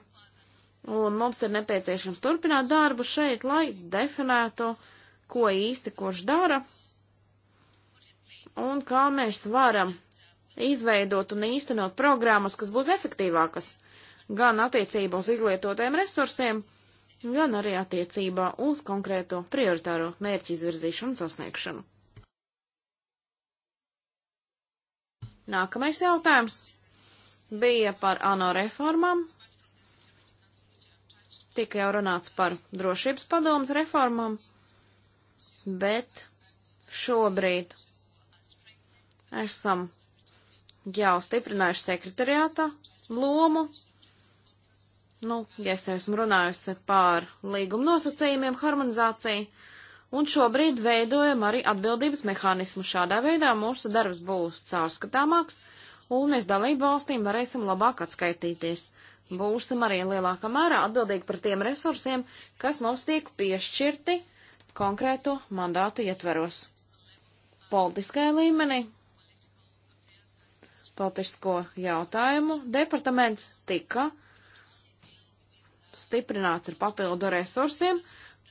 Un mums ir nepieciešams turpināt darbu šeit, lai definētu, ko īsti kurš dara un kā mēs varam izveidot un īstenot programmas, kas būs efektīvākas gan attiecībā uz izlietotajiem resursiem, gan arī attiecībā uz konkrēto prioritāro mērķu izvirzīšanu un sasniegšanu. Nākamais jautājums bija par ANO reformām Tika jau runāts par drošības padomas reformām, bet šobrīd esam jau stiprinājuši sekretariāta lomu. Nu, ja es jau esmu runājusi par līguma nosacījumiem, harmonizāciju, un šobrīd veidojam arī atbildības mehānismu. Šādā veidā mūsu darbs būs caurskatāmāks, un mēs dalību valstīm varēsim labāk atskaitīties būsim arī lielākā mērā atbildīgi par tiem resursiem, kas mums tiek piešķirti konkrēto mandātu ietveros. Politiskajā līmenī politisko jautājumu departaments tika stiprināts ar papildu resursiem,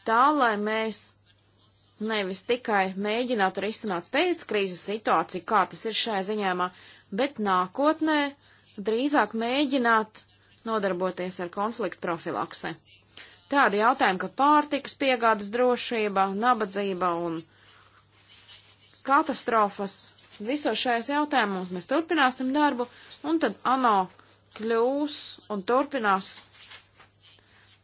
tā lai mēs nevis tikai mēģinātu risināt pēc krīzes situāciju, kā tas ir šajā ziņāmā, bet nākotnē drīzāk mēģināt nodarboties ar konfliktu profilakse. Tādi jautājumi, kā pārtikas piegādes drošība, nabadzība un katastrofas, visos šajos jautājumos mēs turpināsim darbu, un tad ANO kļūs un turpinās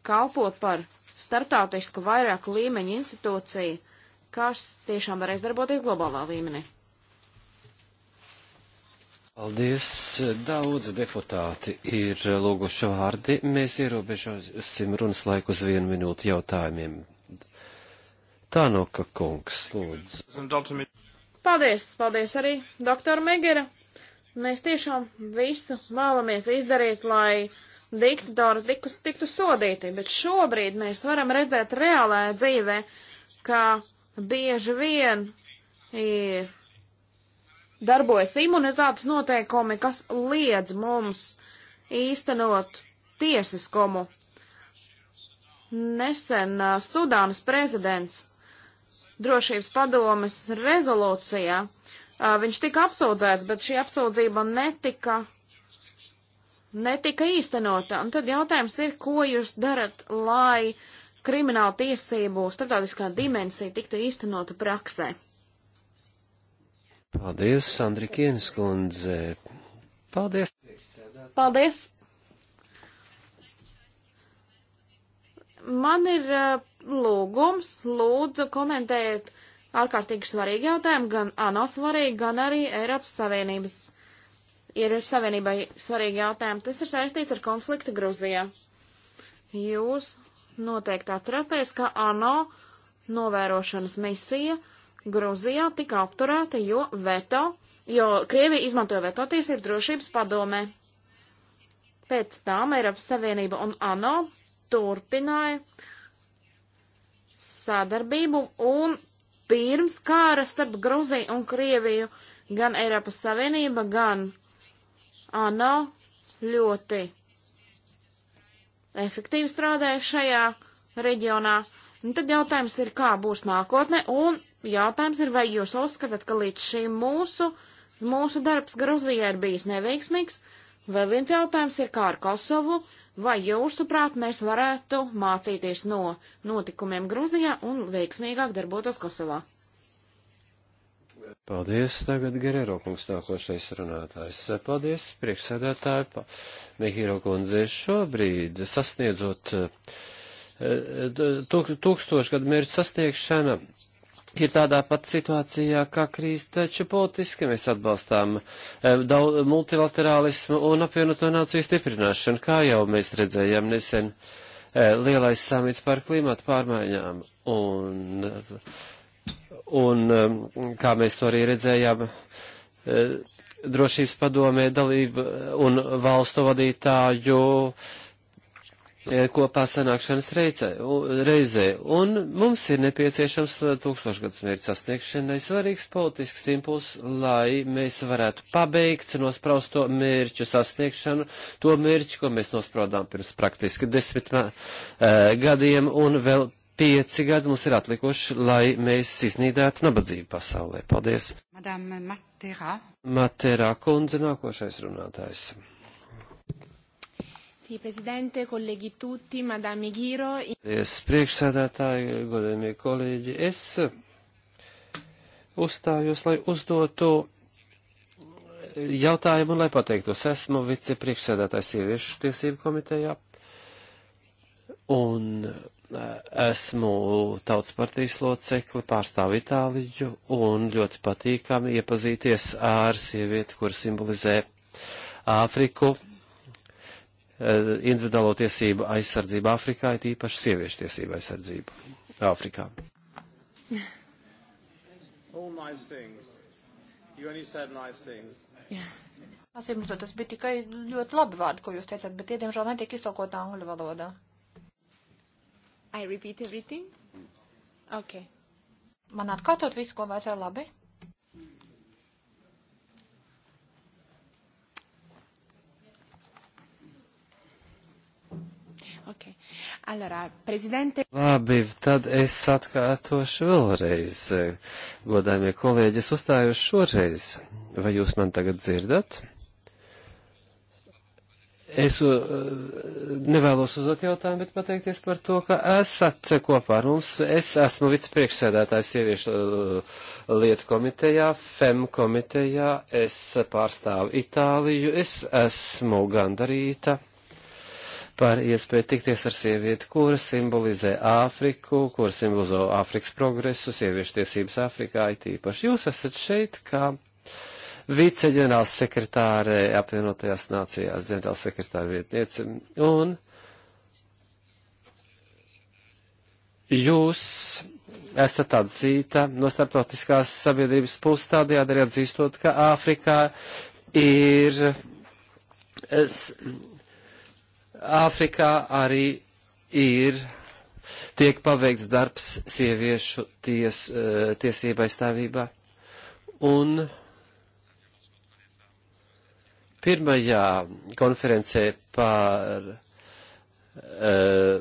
kalpot par startautisku vairāku līmeņu institūciju, kas tiešām varēs darboties globālā līmenī. Paldies! Daudz deputāti ir lūguši vārdi. Mēs ierobežosim runas laiku uz vienu minūtu jautājumiem. Tānoka kungs, lūdzu. Paldies, paldies arī doktora Megera. Mēs tiešām visu vēlamies izdarīt, lai diktatori tiktu, tiktu sodīti, bet šobrīd mēs varam redzēt reālajā dzīvē, ka bieži vien ir darbojas imunitātes noteikumi, kas liedz mums īstenot tiesiskumu. Nesen uh, Sudānas prezidents drošības padomes rezolūcijā uh, viņš tika apsūdzēts, bet šī apsūdzība netika, netika īstenota. Un tad jautājums ir, ko jūs darat, lai krimināla tiesību starptautiskā dimensija tiktu īstenota praksē? Paldies, Andrikienes kundze. Paldies. Paldies. Man ir eh, lūgums, lūdzu komentējiet ārkārtīgi svarīgi jautājumi, gan ANO svarīgi, gan arī Eiropas Savienības. Eiropas Savienībai svarīgi jautājumi. Tas ir saistīts ar konfliktu Gruzijā. Jūs noteikti atceraties, ka ANO novērošanas misija uh, Gruzijā tika apturēta, jo veto, jo Krievija izmantoja veto tiesību drošības padomē. Pēc tam Eiropas Savienība un ANO turpināja sadarbību un pirms kāra starp Gruziju un Krieviju gan Eiropas Savienība, gan ANO ļoti efektīvi strādāja šajā reģionā. Un tad jautājums ir, kā būs nākotne, un Jautājums ir, vai jūs uzskatāt, ka līdz šim mūsu, mūsu darbs Gruzijā ir bijis neveiksmīgs? Vēl viens jautājums ir, kā ar Kosovu, vai jūsuprāt mēs varētu mācīties no notikumiem Gruzijā un veiksmīgāk darbotos Kosovā? Paldies, tagad Gerero kungs nākošais runātājs. Paldies, priekšsēdētāji, pa, Mihiro kundze, šobrīd sasniedzot eh, tūkstošgadu mērķu sasniegšana ir tādā pat situācijā kā krīze, taču politiski mēs atbalstām eh, daudz multilaterālismu un apvienoto nāciju stiprināšanu, kā jau mēs redzējām nesen eh, lielais samits par klimatu pārmaiņām. Un, un um, kā mēs to arī redzējām, eh, drošības padomē dalība un valstu vadītāju E, kopā sanākšanas reizē, reizē, un mums ir nepieciešams tūkstošgads mērķu sasniegšanai svarīgs politisks impuls, lai mēs varētu pabeigt nosprausto mērķu sasniegšanu, to mērķu, ko mēs nospraudām pirms praktiski desmit uh, gadiem, un vēl pieci gadi mums ir atlikuši, lai mēs iznīdētu nabadzību pasaulē. Paldies! Madame Matera. Matera kundze, nākošais runātājs. Sì, Presidente, colleghi tutti, Madame Giro. Es priekšsēdētāji, godējumie kolēģi, es uzstājos, lai uzdotu jautājumu un lai pateiktos. Esmu vicepriekšsēdētājs sieviešu tiesību komitejā un e, esmu tautas partijas locekli, pārstāvu Itāliju un ļoti patīkami iepazīties ar sievieti, kur simbolizē Āfriku Eh, individuālo tiesību aizsardzību Āfrikā, it īpaši sieviešu tiesību aizsardzību Āfrikā. Asim redzot, tas bija tikai ļoti labi vārdi, ko jūs teicat, bet tie, diemžēl, netiek iztolkot angļu valodā. I repeat everything? Ok. Man atkārtot visu, ko vajadzēja labi? Ok. Allora, prezidente. Labi, tad es atkārtošu vēlreiz, godājumie kolēģi, es uzstājos šoreiz. Vai jūs man tagad dzirdat? Es uh, nevēlos uzdot jautājumu, bet pateikties par to, ka esat kopā ar mums. Es esmu vicepriekšsēdētājs sieviešu uh, lietu komitejā, FEM komitejā, es pārstāvu Itāliju, es esmu gandarīta par iespēju tikties ar sievieti, kura simbolizē Āfriku, kura simbolizē Āfrikas progresu, sieviešu tiesības Āfrikā it īpaši. Jūs esat šeit kā viceģenerāls sekretārē apvienotajās nācijās, ģenerāls sekretāra vietniece, un jūs esat atzīta no starptautiskās sabiedrības puses tādējādi arī atzīstot, ka Āfrikā ir es, Āfrikā arī ir tiek paveikts darbs sieviešu ties, eh, tiesība aizstāvībā. Un pirmajā konferencē par eh,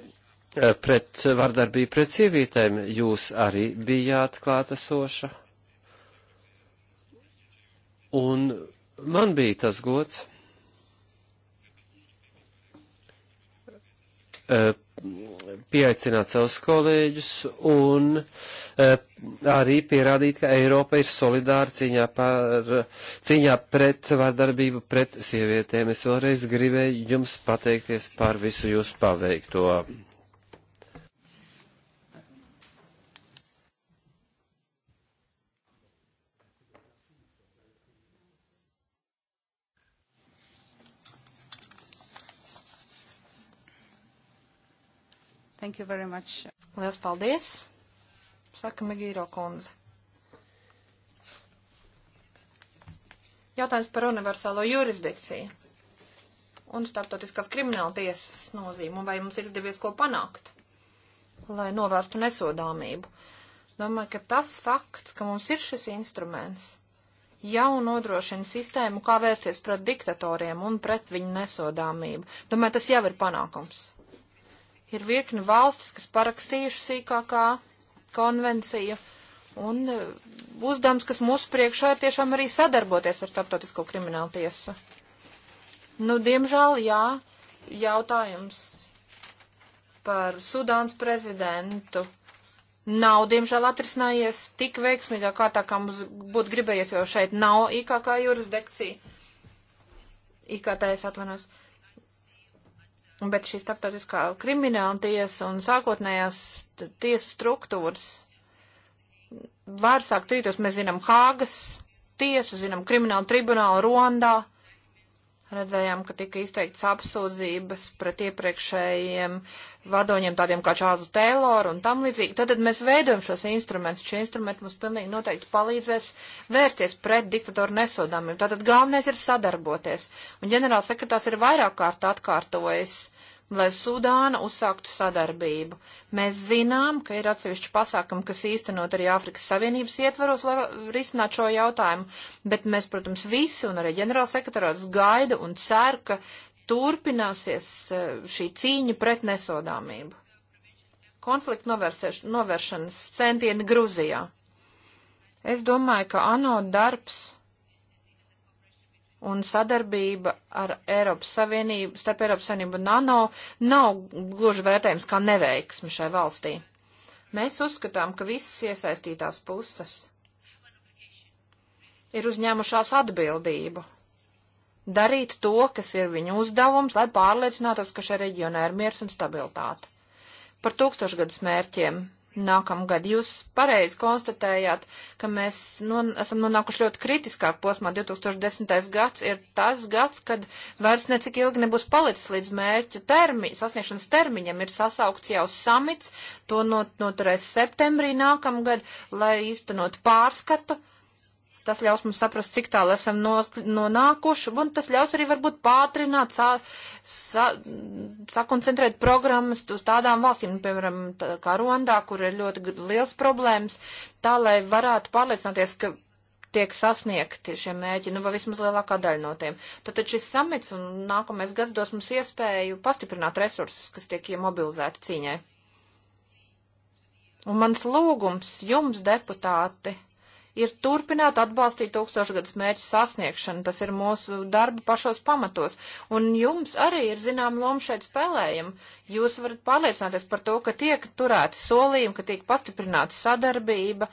pret vardarbību pret sievietēm jūs arī bijāt klātesoša. Un man bija tas gods. Eh, pieaicināt savus kolēģus un eh, arī pierādīt, ka Eiropa ir solidāra cīņā, par, cīņā pret vardarbību pret sievietēm. Es vēlreiz gribēju jums pateikties par visu jūsu paveikto. Thank you very much. Lielas paldies, saka Megīro kundze. Jautājums par universālo jurisdikciju un starptautiskās krimināla tiesas nozīmu, vai mums ir izdevies ko panākt, lai novērstu nesodāmību. Domāju, ka tas fakts, ka mums ir šis instruments, jau nodrošina sistēmu, kā vērsties pret diktatoriem un pret viņu nesodāmību. Domāju, tas jau ir panākums. Ir virkni valstis, kas parakstījušas IKK konvenciju, un e, uzdevums, kas mūsu priekšā ir tiešām arī sadarboties ar starptautisko kriminālu tiesu. Nu, diemžēl, jā, jautājums par Sudāns prezidentu nav, diemžēl, atrisinājies tik veiksmīgā kārtā, kā mums būtu gribējies, jo šeit nav IKK jurisdikcija. IKT es atvainojos. Uh, Bet šī starptautiskā krimināla tiesa un sākotnējās tiesu struktūras var sākt rītos. Mēs zinām Hāgas tiesu, zinām kriminālu tribunālu Rondā. Redzējām, ka tika izteikts apsūdzības pret iepriekšējiem vadoņiem, tādiem kā Čāzu Teiloru un tam līdzīgi. Tad, tad mēs veidojam šos instrumentus. Šie instrumenti mums pilnīgi noteikti palīdzēs vērsties pret diktatoru nesodāmību. Tātad galvenais ir sadarboties. Un ģenerālsekretārs ir vairāk kārt atkārtojis lai Sudāna uzsāktu sadarbību. Mēs zinām, ka ir atsevišķi pasākumi, kas īstenot arī Āfrikas Savienības ietvaros, lai risinātu šo jautājumu, bet mēs, protams, visi un arī ģenerālsekretārāts gaida un cer, ka turpināsies eh, šī cīņa pret nesodāmību. Konflikta novēršanas centieni Gruzijā. Es domāju, ka ANO darbs un sadarbība ar Eiropas Savienību, starp Eiropas Savienību un ANO nav gluži vērtējums kā neveiksmi šai valstī. Mēs uzskatām, ka visas iesaistītās puses ir uzņēmušās atbildību darīt to, kas ir viņu uzdevums, lai pārliecinātos, ka šajā reģionā ir miers un stabilitāte. Par tūkstošgadus mērķiem nākamgad. Jūs pareizi konstatējāt, ka mēs nu, esam nonākuši ļoti kritiskā posmā. 2010. gads ir tas gads, kad vairs necik ilgi nebūs palicis līdz mērķu termi, sasniegšanas termiņam. Ir sasaukts jau samits, to not, noturēs septembrī nākamgad, lai īstenot pārskatu. Uh, Tas ļaus mums saprast, cik tālu esam nonākuši, no un tas ļaus arī varbūt pātrināt, sa, sa, sakoncentrēt programmas uz tādām valstīm, nu, piemēram, tā, kā Rondā, kur ir ļoti liels problēmas, tā lai varētu pārliecināties, ka tiek sasniegti šie mērķi, nu vai vismaz lielākā daļa no tiem. Tātad šis samits un nākamais gads dos mums iespēju pastiprināt resursus, kas tiek iemobilizēti cīņai. Un mans lūgums jums, deputāti, ir turpināt atbalstīt tūkstošgadus mērķu sasniegšanu. Tas ir mūsu darba pašos pamatos. Un jums arī ir zinām loma šeit spēlējama. Jūs varat pārliecināties par to, ka tiek turēti solījumi, ka tiek pastiprināta sadarbība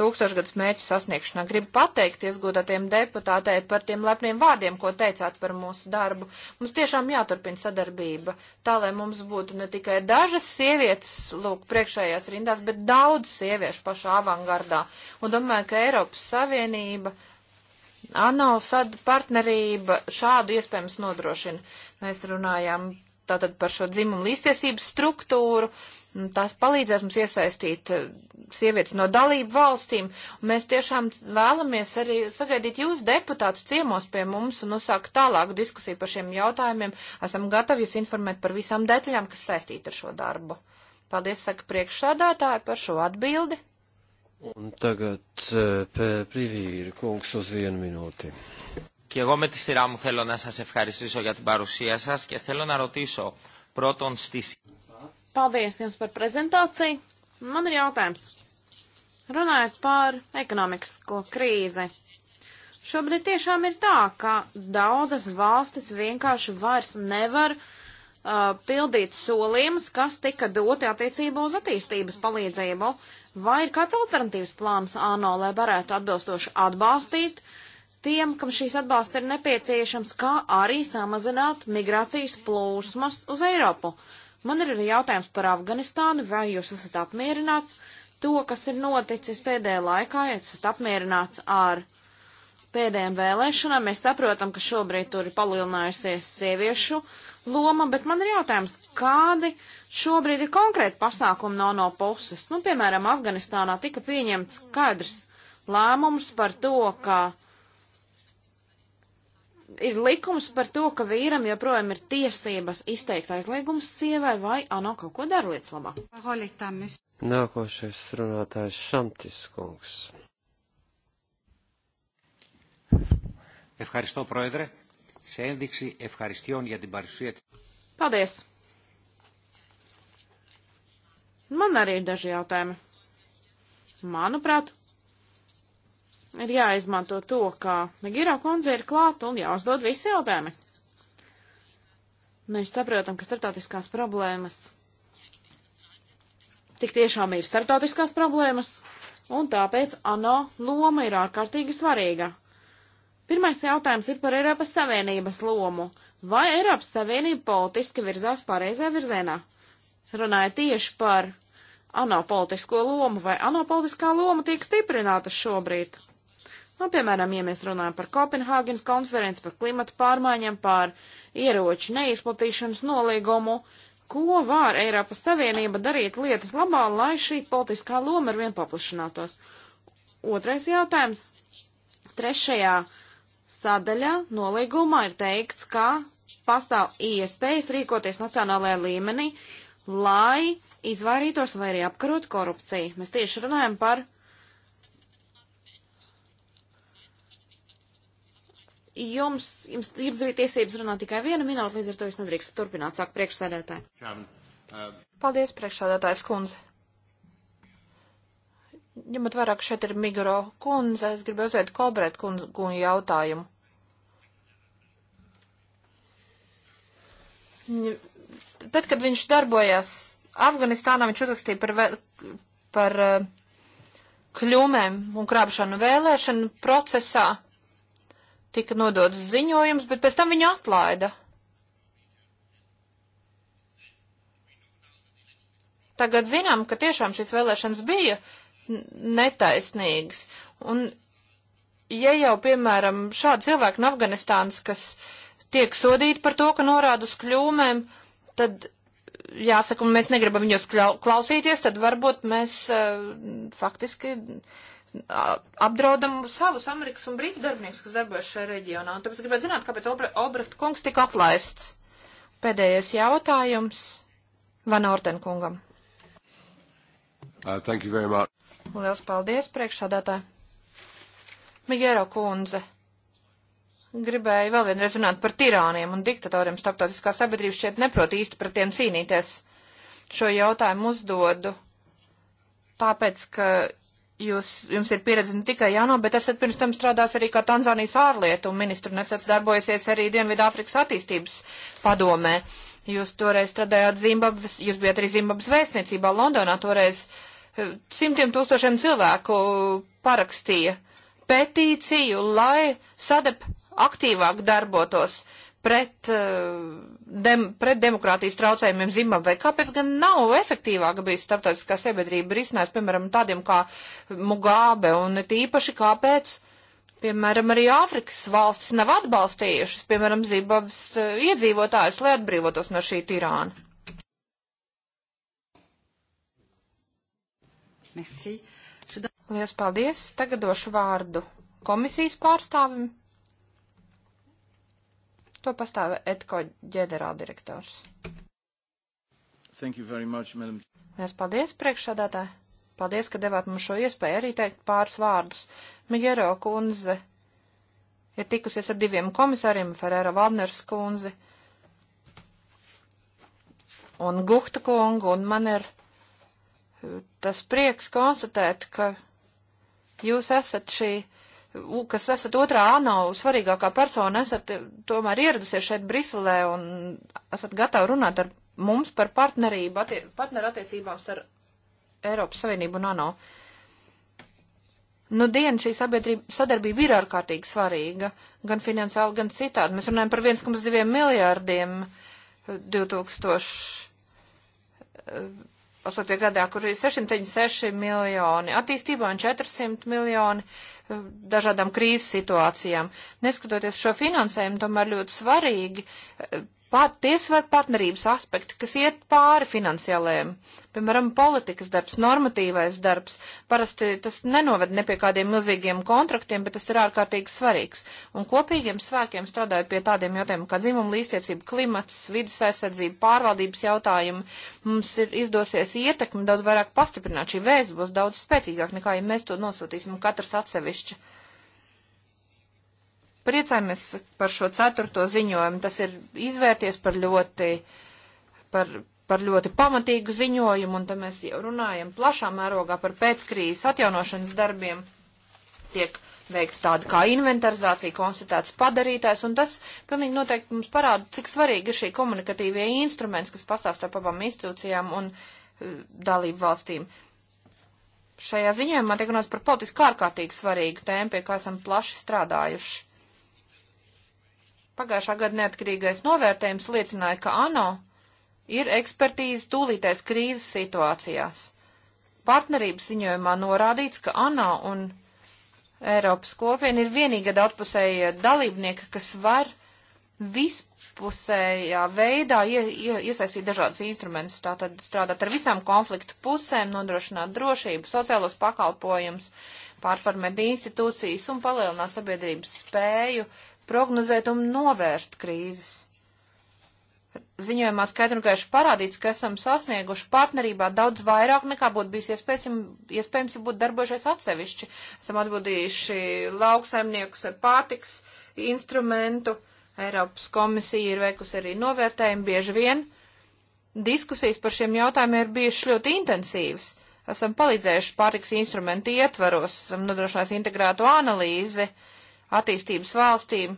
tūkstošgadus mērķu sasniegšanā. Gribu pateikties godātiem deputātei par tiem lepniem vārdiem, ko teicāt par mūsu darbu. Mums tiešām jāturpina sadarbība, tā lai mums būtu ne tikai dažas sievietes, lūk, priekšējās rindās, bet daudz sieviešu pašā avangardā. Un domāju, ka Eiropas Savienība. ANO partnerība šādu iespējams nodrošina. Mēs runājām tātad par šo dzimumu līdztiesības struktūru, uh, Tas palīdzēs mums iesaistīt eh, sievietes no dalību valstīm. Mēs tiešām vēlamies arī sagaidīt jūs deputātus ciemos pie mums un uzsākt tālāku diskusiju par šiem jautājumiem. Esam gatavi jūs informēt par visām detaļām, kas saistīta ar šo darbu. Paldies, saka priekšsādātāji, par šo atbildi. Un tagad eh, privīri kungs uz vienu minūti. Και εγώ με τη σειρά μου θέλω να σας ευχαριστήσω για την παρουσία σας και θέλω να ρωτήσω πρώτον στις... Paldies jums par prezentāciju. Man ir jautājums. Runājot par ekonomisko krīzi. Šobrīd tiešām ir tā, ka daudzas valstis vienkārši vairs nevar uh, pildīt solījumus, kas tika doti attiecībā uz attīstības palīdzību. Vai ir kāds alternatīvs plāns ANO, lai varētu atbilstoši atbalstīt tiem, kam šīs atbalsts ir nepieciešams, kā arī samazināt migrācijas plūsmas uz Eiropu? Uh, Man ir arī jautājums par Afganistānu, vai jūs esat apmierināts to, kas ir noticis pēdējā laikā, ja esat apmierināts ar pēdējām vēlēšanām. Mēs saprotam, ka šobrīd tur ir palielinājusies sieviešu loma, bet man ir jautājums, kādi šobrīd ir konkrēti pasākumi no no puses. Nu, piemēram, Afganistānā tika pieņemts skaidrs lēmums par to, ka ir likums par to, ka vīram joprojām ir tiesības izteikt aizliegumus sievai vai ano kaut ko dara lietas labā. Nākošais runātājs Šamtis kungs. Ευχαριστώ, Πρόεδρε. Σε ένδειξη ευχαριστειών για την παρουσία της. Paldies! Man arī ir daži jautājumi. Manuprāt, ir jāizmanto to, ka Megiro kundze ir klāta un jāuzdod visi jautājumi. Mēs saprotam, ka startautiskās problēmas tik tiešām ir startautiskās problēmas, un tāpēc ANO loma ir ārkārtīgi svarīga. Pirmais jautājums ir par Eiropas Savienības lomu. Vai Eiropas Savienība politiski virzās pareizajā virzienā? Runāja tieši par ANO politisko lomu, vai ANO politiskā loma tiek stiprināta šobrīd? Nu, piemēram, ja mēs runājam par Kopenhāgenes konferenci, par klimatu pārmaiņām, par ieroču neizplatīšanas nolīgumu, ko var Eiropas Savienība darīt lietas labā, lai šī politiskā loma ar vien paplašinātos. Otrais jautājums. Trešajā sadaļā nolīgumā ir teikts, ka pastāv iespējas rīkoties nacionālajā līmenī, lai izvairītos vai arī apkarot korupciju. Mēs tieši runājam par Jums, jums, jums bija tiesības runāt tikai vienu minūti, līdz ar to jūs nedrīkstat turpināt, saka priekšsēdētāji. Paldies, priekšsēdētājs kundze. Ņemot vairāk šeit ir Migro kundze, es gribēju uzdot Kolbrēt kundze jautājumu. Tad, kad viņš darbojās Afganistānā, viņš uzrakstīja par, par kļūmēm un krāpšanu vēlēšanu procesā tika nodots ziņojums, bet pēc tam viņu atlaida. Tagad zinām, ka tiešām šīs vēlēšanas bija netaisnīgas. Un ja jau, piemēram, šādi cilvēki no Afganistānas, kas tiek sodīti par to, ka norāda uz kļūmēm, tad jāsaka, mēs negribam viņus klausīties, tad varbūt mēs uh, faktiski uh, apdraudam savus Amerikas un Brītu darbiniekus, kas darbojas šajā reģionā. Un tāpēc gribētu zināt, kāpēc Obre Obrecht kungs tika atlaists. Pēdējais jautājums Van Orden kungam. Uh, thank you very much. Liels paldies, priekšsādātāji. Migēro kundze. Gribēju vēl vienreiz runāt par tirāniem un diktatoriem. Starptautiskā sabiedrība šķiet neprot īsti par tiem cīnīties. Šo jautājumu uzdodu tāpēc, ka Jūs, jums ir pieredze ne tikai jāno, bet esat pirms tam strādājis arī kā Tanzānijas ārlietu ministru un esat darbojusies arī Dienvidāfrikas attīstības padomē. Jūs toreiz strādājāt Zimbabves, jūs bijat arī Zimbabves vēstniecībā Londonā, toreiz eh, simtiem tūkstošiem cilvēku parakstīja petīciju, lai sadep aktīvāk darbotos pret, eh, dem, pret demokrātijas traucējumiem Zimbabvē. Kāpēc gan nav efektīvāk bijis starptautiskā sabiedrība risinājis, piemēram, tādiem kā Mugabe un tīpaši kāpēc, piemēram, arī Āfrikas valstis nav atbalstījušas, piemēram, Zimbabves eh, iedzīvotājus, lai atbrīvotos no šī tirāna? Merci. Lielas paldies. Tagad došu vārdu komisijas pārstāvim. Uz to pastāv ETKO ģenerāldirektors. Thank you very much, madam. Lielas paldies, priekšsādātāji. Paldies, ka devāt mums šo iespēju arī teikt pāris vārdus. Miģero kundze ir tikusies ar diviem komisāriem, Ferēra Valners kundzi un Guhta kungu, un man ir eh, tas prieks konstatēt, ka jūs esat šī kas esat otrā ANO svarīgākā persona, esat eh, tomēr ieradusies šeit Briselē un esat gatavi runāt ar mums par partnerību, attie, partnerattiecībās ar Eiropas Savienību un ANO. Nu, diena šī sadarbība ir ārkārtīgi svarīga, gan finansiāli, gan citādi. Mēs runājam par 1,2 miljārdiem 2000. Eh, Pasūtie gadā, kur ir 676 miljoni attīstībā un 400 miljoni eh, dažādām krīzes situācijām. Neskatoties šo finansējumu, tomēr ļoti svarīgi eh, pat, tiesvaru partnerības aspekti, kas iet pāri finansiālajiem, piemēram, politikas darbs, normatīvais darbs. Parasti tas nenoved ne pie kādiem milzīgiem kontraktiem, bet tas ir ārkārtīgi svarīgs. Un kopīgiem spēkiem strādāju pie tādiem jautājumiem kā dzimuma līstiecība, klimats, vidas aizsardzība, pārvaldības jautājumi. Mums ir izdosies ietekmi daudz vairāk pastiprināt. Šī vēsts būs daudz spēcīgāk nekā, ja mēs to nosūtīsim katrs atsevišķi. Priecājamies par šo ceturto ziņojumu. Tas ir izvērties par ļoti, par, par ļoti pamatīgu ziņojumu, un te mēs jau runājam plašā mērogā par pēckrīzes atjaunošanas darbiem. Tiek veikt tādu kā inventarizāciju, konstatēts padarītājs, un tas pilnīgi noteikti mums parāda, cik svarīgi ir šī komunikatīvie instruments, kas pastāv starp abām institūcijām un uh, dalību valstīm. Šajā ziņojumā tiek runāts par politiski ārkārtīgi svarīgu tēmu, pie kā esam plaši strādājuši. Pagājušā gada neatkarīgais novērtējums liecināja, ka ANO ir ekspertīze tūlītēs krīzes situācijās. Partnerības ziņojumā norādīts, ka ANO un Eiropas kopiena ir vienīga daudzpusēja dalībnieka, kas var vispusējā veidā ie, ie, iesaistīt dažādas instrumentus, tātad strādāt ar visām konfliktu pusēm, nodrošināt drošību, sociālos pakalpojumus, pārformēt institūcijas un palielināt sabiedrības spēju prognozēt un novērst krīzes. Ziņojumā skaidri un gaiši parādīts, ka esam sasnieguši partnerībā daudz vairāk nekā būtu bijis iespējams, iespējams ja būtu darbojušies atsevišķi. Esam atbildījuši lauksaimniekus ar pārtiks instrumentu. Eiropas komisija ir veikusi arī novērtējumu bieži vien. Diskusijas par šiem jautājumiem ir bijušas ļoti intensīvas. Esam palīdzējuši pārtiks instrumentu ietvaros, esam nodrošinājuši integrētu analīzi. Uh, attīstības valstīm,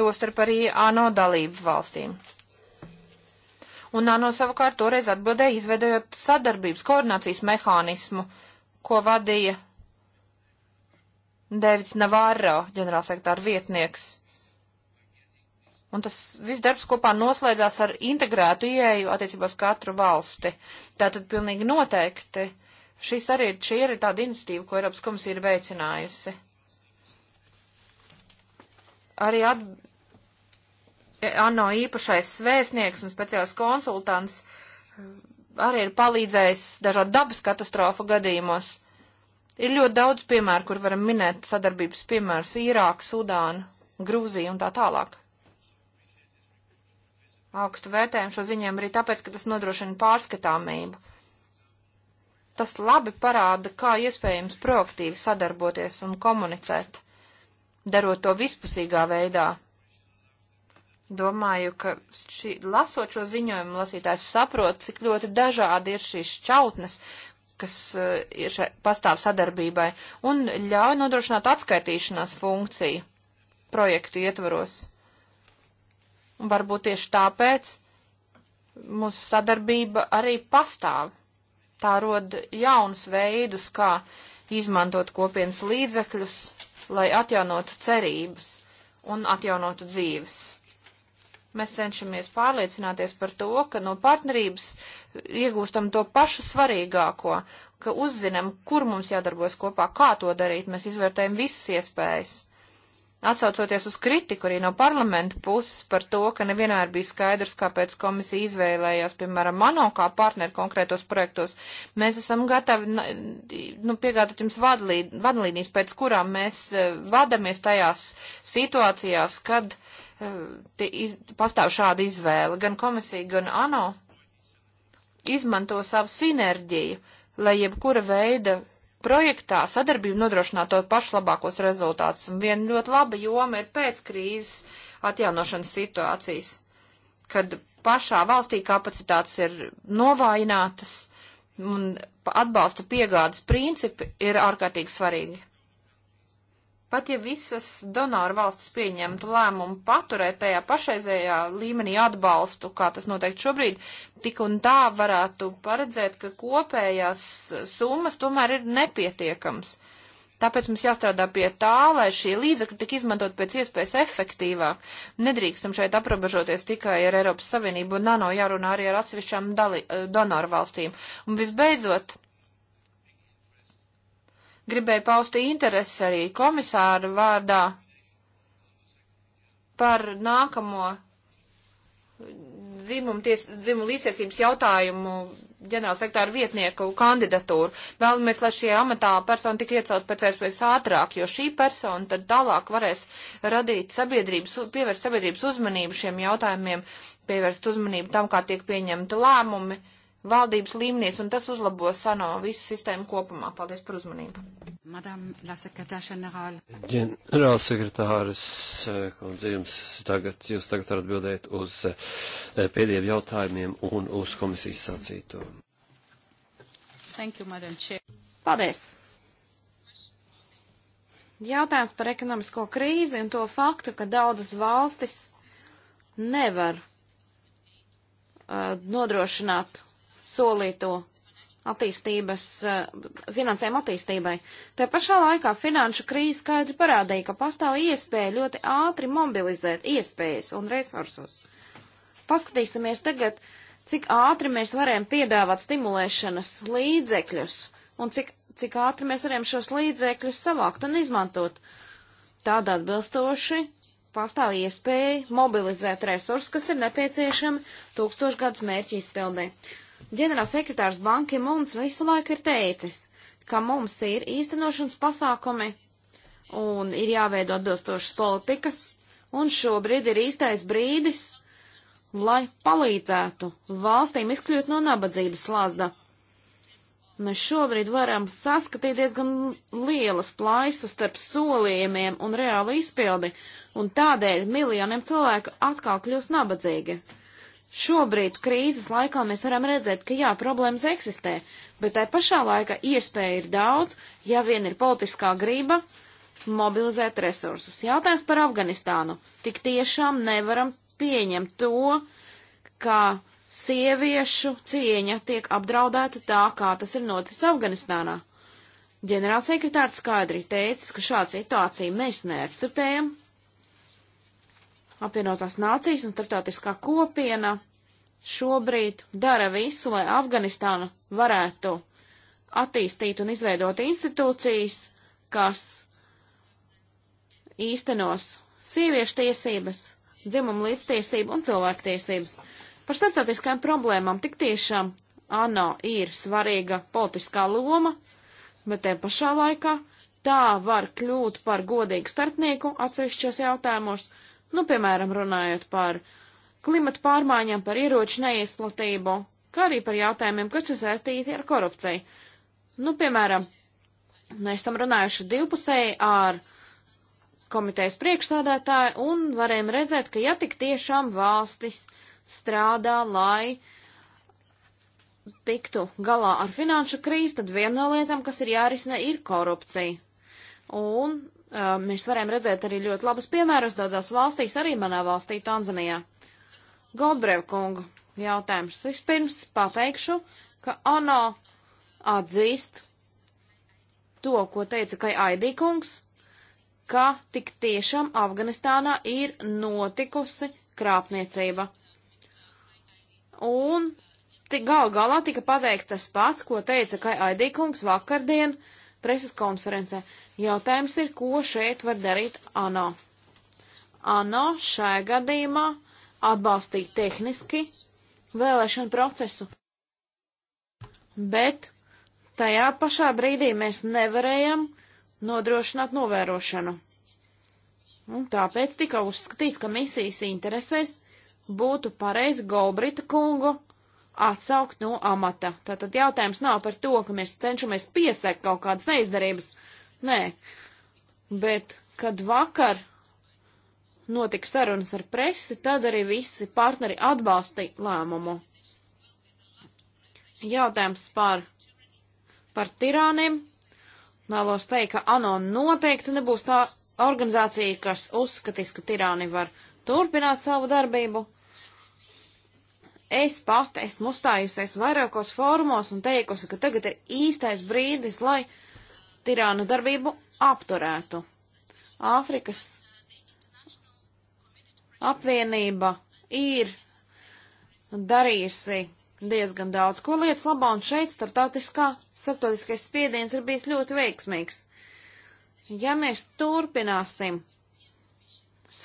tostarp arī ANO dalību valstīm. Un ANO savukārt toreiz atbildēja izveidojot sadarbības koordinācijas mehānismu, ko vadīja Dēvids Navarro, ģenerālsektāra vietnieks. Un tas viss darbs kopā noslēdzās ar integrētu ieeju attiecībā uz katru valsti. Tātad pilnīgi noteikti šis arī ir, šī arī ir tāda iniciatīva, ko Eiropas komisija ir veicinājusi arī at, e, ANO īpašais svēstnieks un speciāls konsultants eh, arī ir palīdzējis dažādu dabas katastrofu gadījumos. Ir ļoti daudz piemēru, kur varam minēt sadarbības piemērus - Irāka, Sudāna, Grūzija un tā tālāk. Augstu vērtējumu šo ziņām arī tāpēc, ka tas nodrošina pārskatāmību. Tas labi parāda, kā iespējams proaktīvi sadarboties un komunicēt darot to vispusīgā veidā. Domāju, ka šī, lasot šo ziņojumu, lasītājs saprot, cik ļoti dažādi ir šīs čautnes, kas uh, ir šai, pastāv sadarbībai, un ļauj nodrošināt atskaitīšanās funkciju projektu ietvaros. Un varbūt tieši tāpēc mūsu sadarbība arī pastāv. Tā rod jaunus veidus, kā izmantot kopienas līdzekļus, lai atjaunotu cerības un atjaunotu dzīves. Mēs cenšamies pārliecināties par to, ka no partnerības iegūstam to pašu svarīgāko, ka uzzinam, kur mums jādarbojas kopā, kā to darīt, mēs izvērtējam visas iespējas. Atsaucoties uz kritiku arī no parlamenta puses par to, ka nevienmēr bija skaidrs, kāpēc komisija izvēlējās, piemēram, mano kā partneri konkrētos projektos, mēs esam gatavi nu, piegādāt jums vadlīd, vadlīnijas, pēc kurām mēs e, vadamies tajās situācijās, kad uh, iz, pastāv šāda izvēle. Gan komisija, gan ANO izmanto savu sinerģiju, lai jebkura veida projektā sadarbība nodrošinātu pašlabākos rezultātus, un viena ļoti laba joma ir pēckrīzes atjaunošanas situācijas, kad pašā valstī kapacitātes ir novājinātas un atbalsta piegādes principi ir ārkārtīgi svarīgi. Pat ja visas donoru valstis pieņemtu lēmumu paturēt tajā pašreizējā līmenī atbalstu, kā tas noteikti šobrīd, tik un tā varētu paredzēt, ka kopējās summas tomēr ir nepietiekams. Tāpēc mums jāstrādā pie tā, lai šie līdzekļi tik izmantot pēc iespējas efektīvāk. Nedrīkstam šeit aprobežoties tikai ar Eiropas Savienību, un nano jārunā arī ar atsevišķām dali, eh, donoru valstīm. Un visbeidzot, gribēju paust interesi arī komisāra vārdā par nākamo dzimumu, ties, dzimumu līdztiesības jautājumu ģenerālsektāra vietnieku kandidatūru. Vēlamies, lai šie amatā persona tik iecelt pēc iespējas ātrāk, jo šī persona tad tālāk varēs radīt sabiedrības, pievērst sabiedrības uzmanību šiem jautājumiem, pievērst uzmanību tam, kā tiek pieņemti lēmumi valdības līmenies, un tas uzlabos ANO visu sistēmu kopumā. Paldies par uzmanību. Ģenerālsekretārs, kundze, jums tagad, jūs tagad varat atbildēt uz eh, pēdējiem jautājumiem un uz komisijas sacīto. Thank you, Madam Chair. Paldies. Jautājums par ekonomisko krīzi un to faktu, ka daudzas valstis nevar uh, nodrošināt solīto attīstības, eh, finansējuma attīstībai. Te pašā laikā finanšu krīze skaidri parādīja, ka pastāv iespēja ļoti ātri mobilizēt iespējas un resursus. Paskatīsimies tagad, cik ātri mēs varējām piedāvāt stimulēšanas līdzekļus un cik, cik ātri mēs varējām šos līdzekļus savākt un izmantot. Tādā atbilstoši pastāv iespēja mobilizēt resursus, kas ir nepieciešami tūkstošgadus mērķi izpildē ģenerālsekretārs Banki mums visu laiku ir teicis, ka mums ir īstenošanas pasākumi un ir jāveido atbilstošas politikas, un šobrīd ir īstais brīdis, lai palīdzētu valstīm izkļūt no nabadzības slazda. Mēs šobrīd varam saskatīt diezgan lielas plaisas starp solījumiem un reālu izpildi, un tādēļ miljoniem cilvēku atkal kļūst nabadzīgi. Šobrīd krīzes laikā mēs varam redzēt, ka jā, problēmas eksistē, bet tai pašā laikā iespēja ir daudz, ja vien ir politiskā grība mobilizēt resursus. Jautājums par Afganistānu. Tik tiešām nevaram pieņemt to, ka sieviešu cieņa tiek apdraudēta tā, kā tas ir noticis Afganistānā. Ģenerālsekretārs skaidri teica, ka šāda situācija mēs neakceptējam, apvienotās nācijas un starptautiskā kopiena šobrīd dara visu, lai Afganistāna varētu attīstīt un izveidot institūcijas, kas īstenos sieviešu tiesības, dzimumu līdztiesību un cilvēktiesības. Par starptautiskajām problēmām tik tiešām ANO ir svarīga politiskā loma, bet te pašā laikā tā var kļūt par godīgu starpnieku atsevišķos jautājumos, Nu, piemēram, runājot par klimatu pārmaiņām, par ieroču neizplatību, kā arī par jautājumiem, kas ir saistīti ar korupciju. Nu, piemēram, mēs tam runājuši divpusēji ar komitejas priekšstādātāju un varējām redzēt, ka ja tik tiešām valstis strādā, lai tiktu galā ar finanšu krīzi, tad viena no lietām, kas ir jārisina, ir korupcija. Un Uh, mēs varam redzēt arī ļoti labus piemērus daudzās valstīs, arī manā valstī, Tanzanijā. Goldbrev kungu jautājums. Vispirms pateikšu, ka ANO atzīst to, ko teica Kai Aidī kungs, ka tik tiešām Afganistānā ir notikusi krāpniecība. Un gal galā tika pateikts tas pats, ko teica Kai Aidī kungs vakardien, uh, preses konferencē. Jautājums ir, ko šeit var darīt ANO. ANO šajā gadījumā atbalstīt tehniski vēlēšanu procesu. Bet tajā pašā brīdī mēs nevarējam nodrošināt novērošanu. Un tāpēc tika uzskatīts, ka misijas interesēs būtu pareizi Golbrita kungu atsaukt no amata. Tātad jautājums nav par to, ka mēs cenšamies piesekt kaut kādas neizdarības. Nē, bet kad vakar notika sarunas ar presi, tad arī visi partneri atbalstīja lēmumu. Jautājums par, par tirāniem. Vēlos teikt, ka ANO noteikti nebūs tā organizācija, kas uzskatīs, ka tirāni var turpināt savu darbību. Es pati esmu uzstājusies vairākos formos un teikusi, ka tagad ir īstais brīdis, lai tirānu darbību apturētu. Āfrikas apvienība ir darījusi diezgan daudz ko lietas labā, un šeit startautiskā, startautiskais spiediens ir bijis ļoti veiksmīgs. Ja mēs turpināsim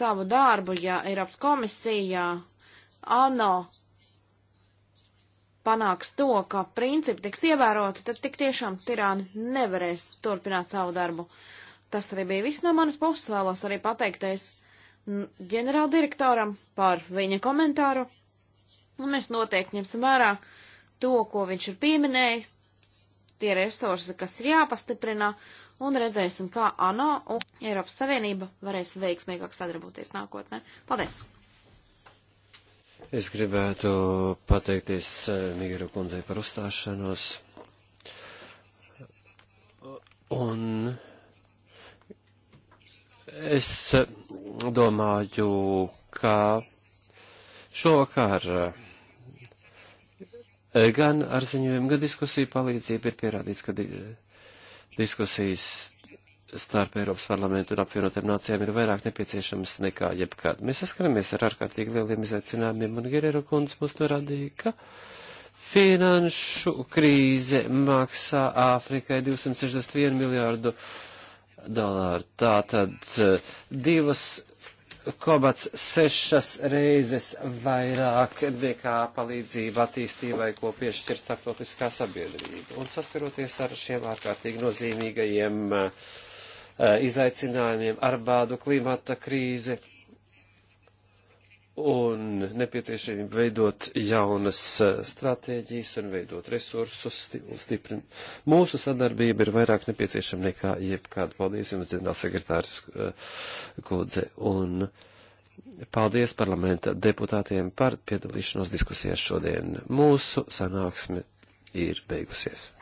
savu darbu, ja Eiropas komisijā, ANO panāks to, ka principi tiks ievēroti, tad tik tiešām tirāni nevarēs turpināt savu darbu. Tas arī bija viss no manas puses. Vēlos arī pateikties ģenerāldirektoram par viņa komentāru. Un mēs noteikti ņemsim vērā to, ko viņš ir pieminējis, tie resursi, kas ir jāpastiprina, un redzēsim, kā ANO un Eiropas Savienība varēs veiksmīgāk sadarboties nākotnē. Paldies! Es gribētu pateikties eh, Mīru kundzei par uzstāšanos. Un es eh, domāju, ka šovakar eh, gan ar ziņojumu, gan diskusiju palīdzību ir pierādīts, ka diskusijas starp Eiropas parlamentu un apvienotiem nācijām ir vairāk nepieciešams nekā jebkad. Mēs saskaramies ar ārkārtīgi lieliem izaicinājumiem, un Gerero kundze mums norādīja, ka finanšu krīze maksā Āfrikai 261 miljārdu dolāru. Tātad eh, divas 1,6 reizes vairāk nekā palīdzība attīstībai, ko piešķir starptautiskā sabiedrība. Un saskaroties ar šiem ārkārtīgi nozīmīgajiem uh, Eh, izaicinājumiem ar bādu klimata krīzi un nepieciešamību veidot jaunas eh, stratēģijas un veidot resursus, stiprin. Mūsu sadarbība ir vairāk nepieciešama nekā jebkāda. Paldies jums, ģenerāls sekretārs eh, Kūdze, un paldies parlamenta deputātiem par piedalīšanos diskusijās šodien. Mūsu sanāksme ir beigusies.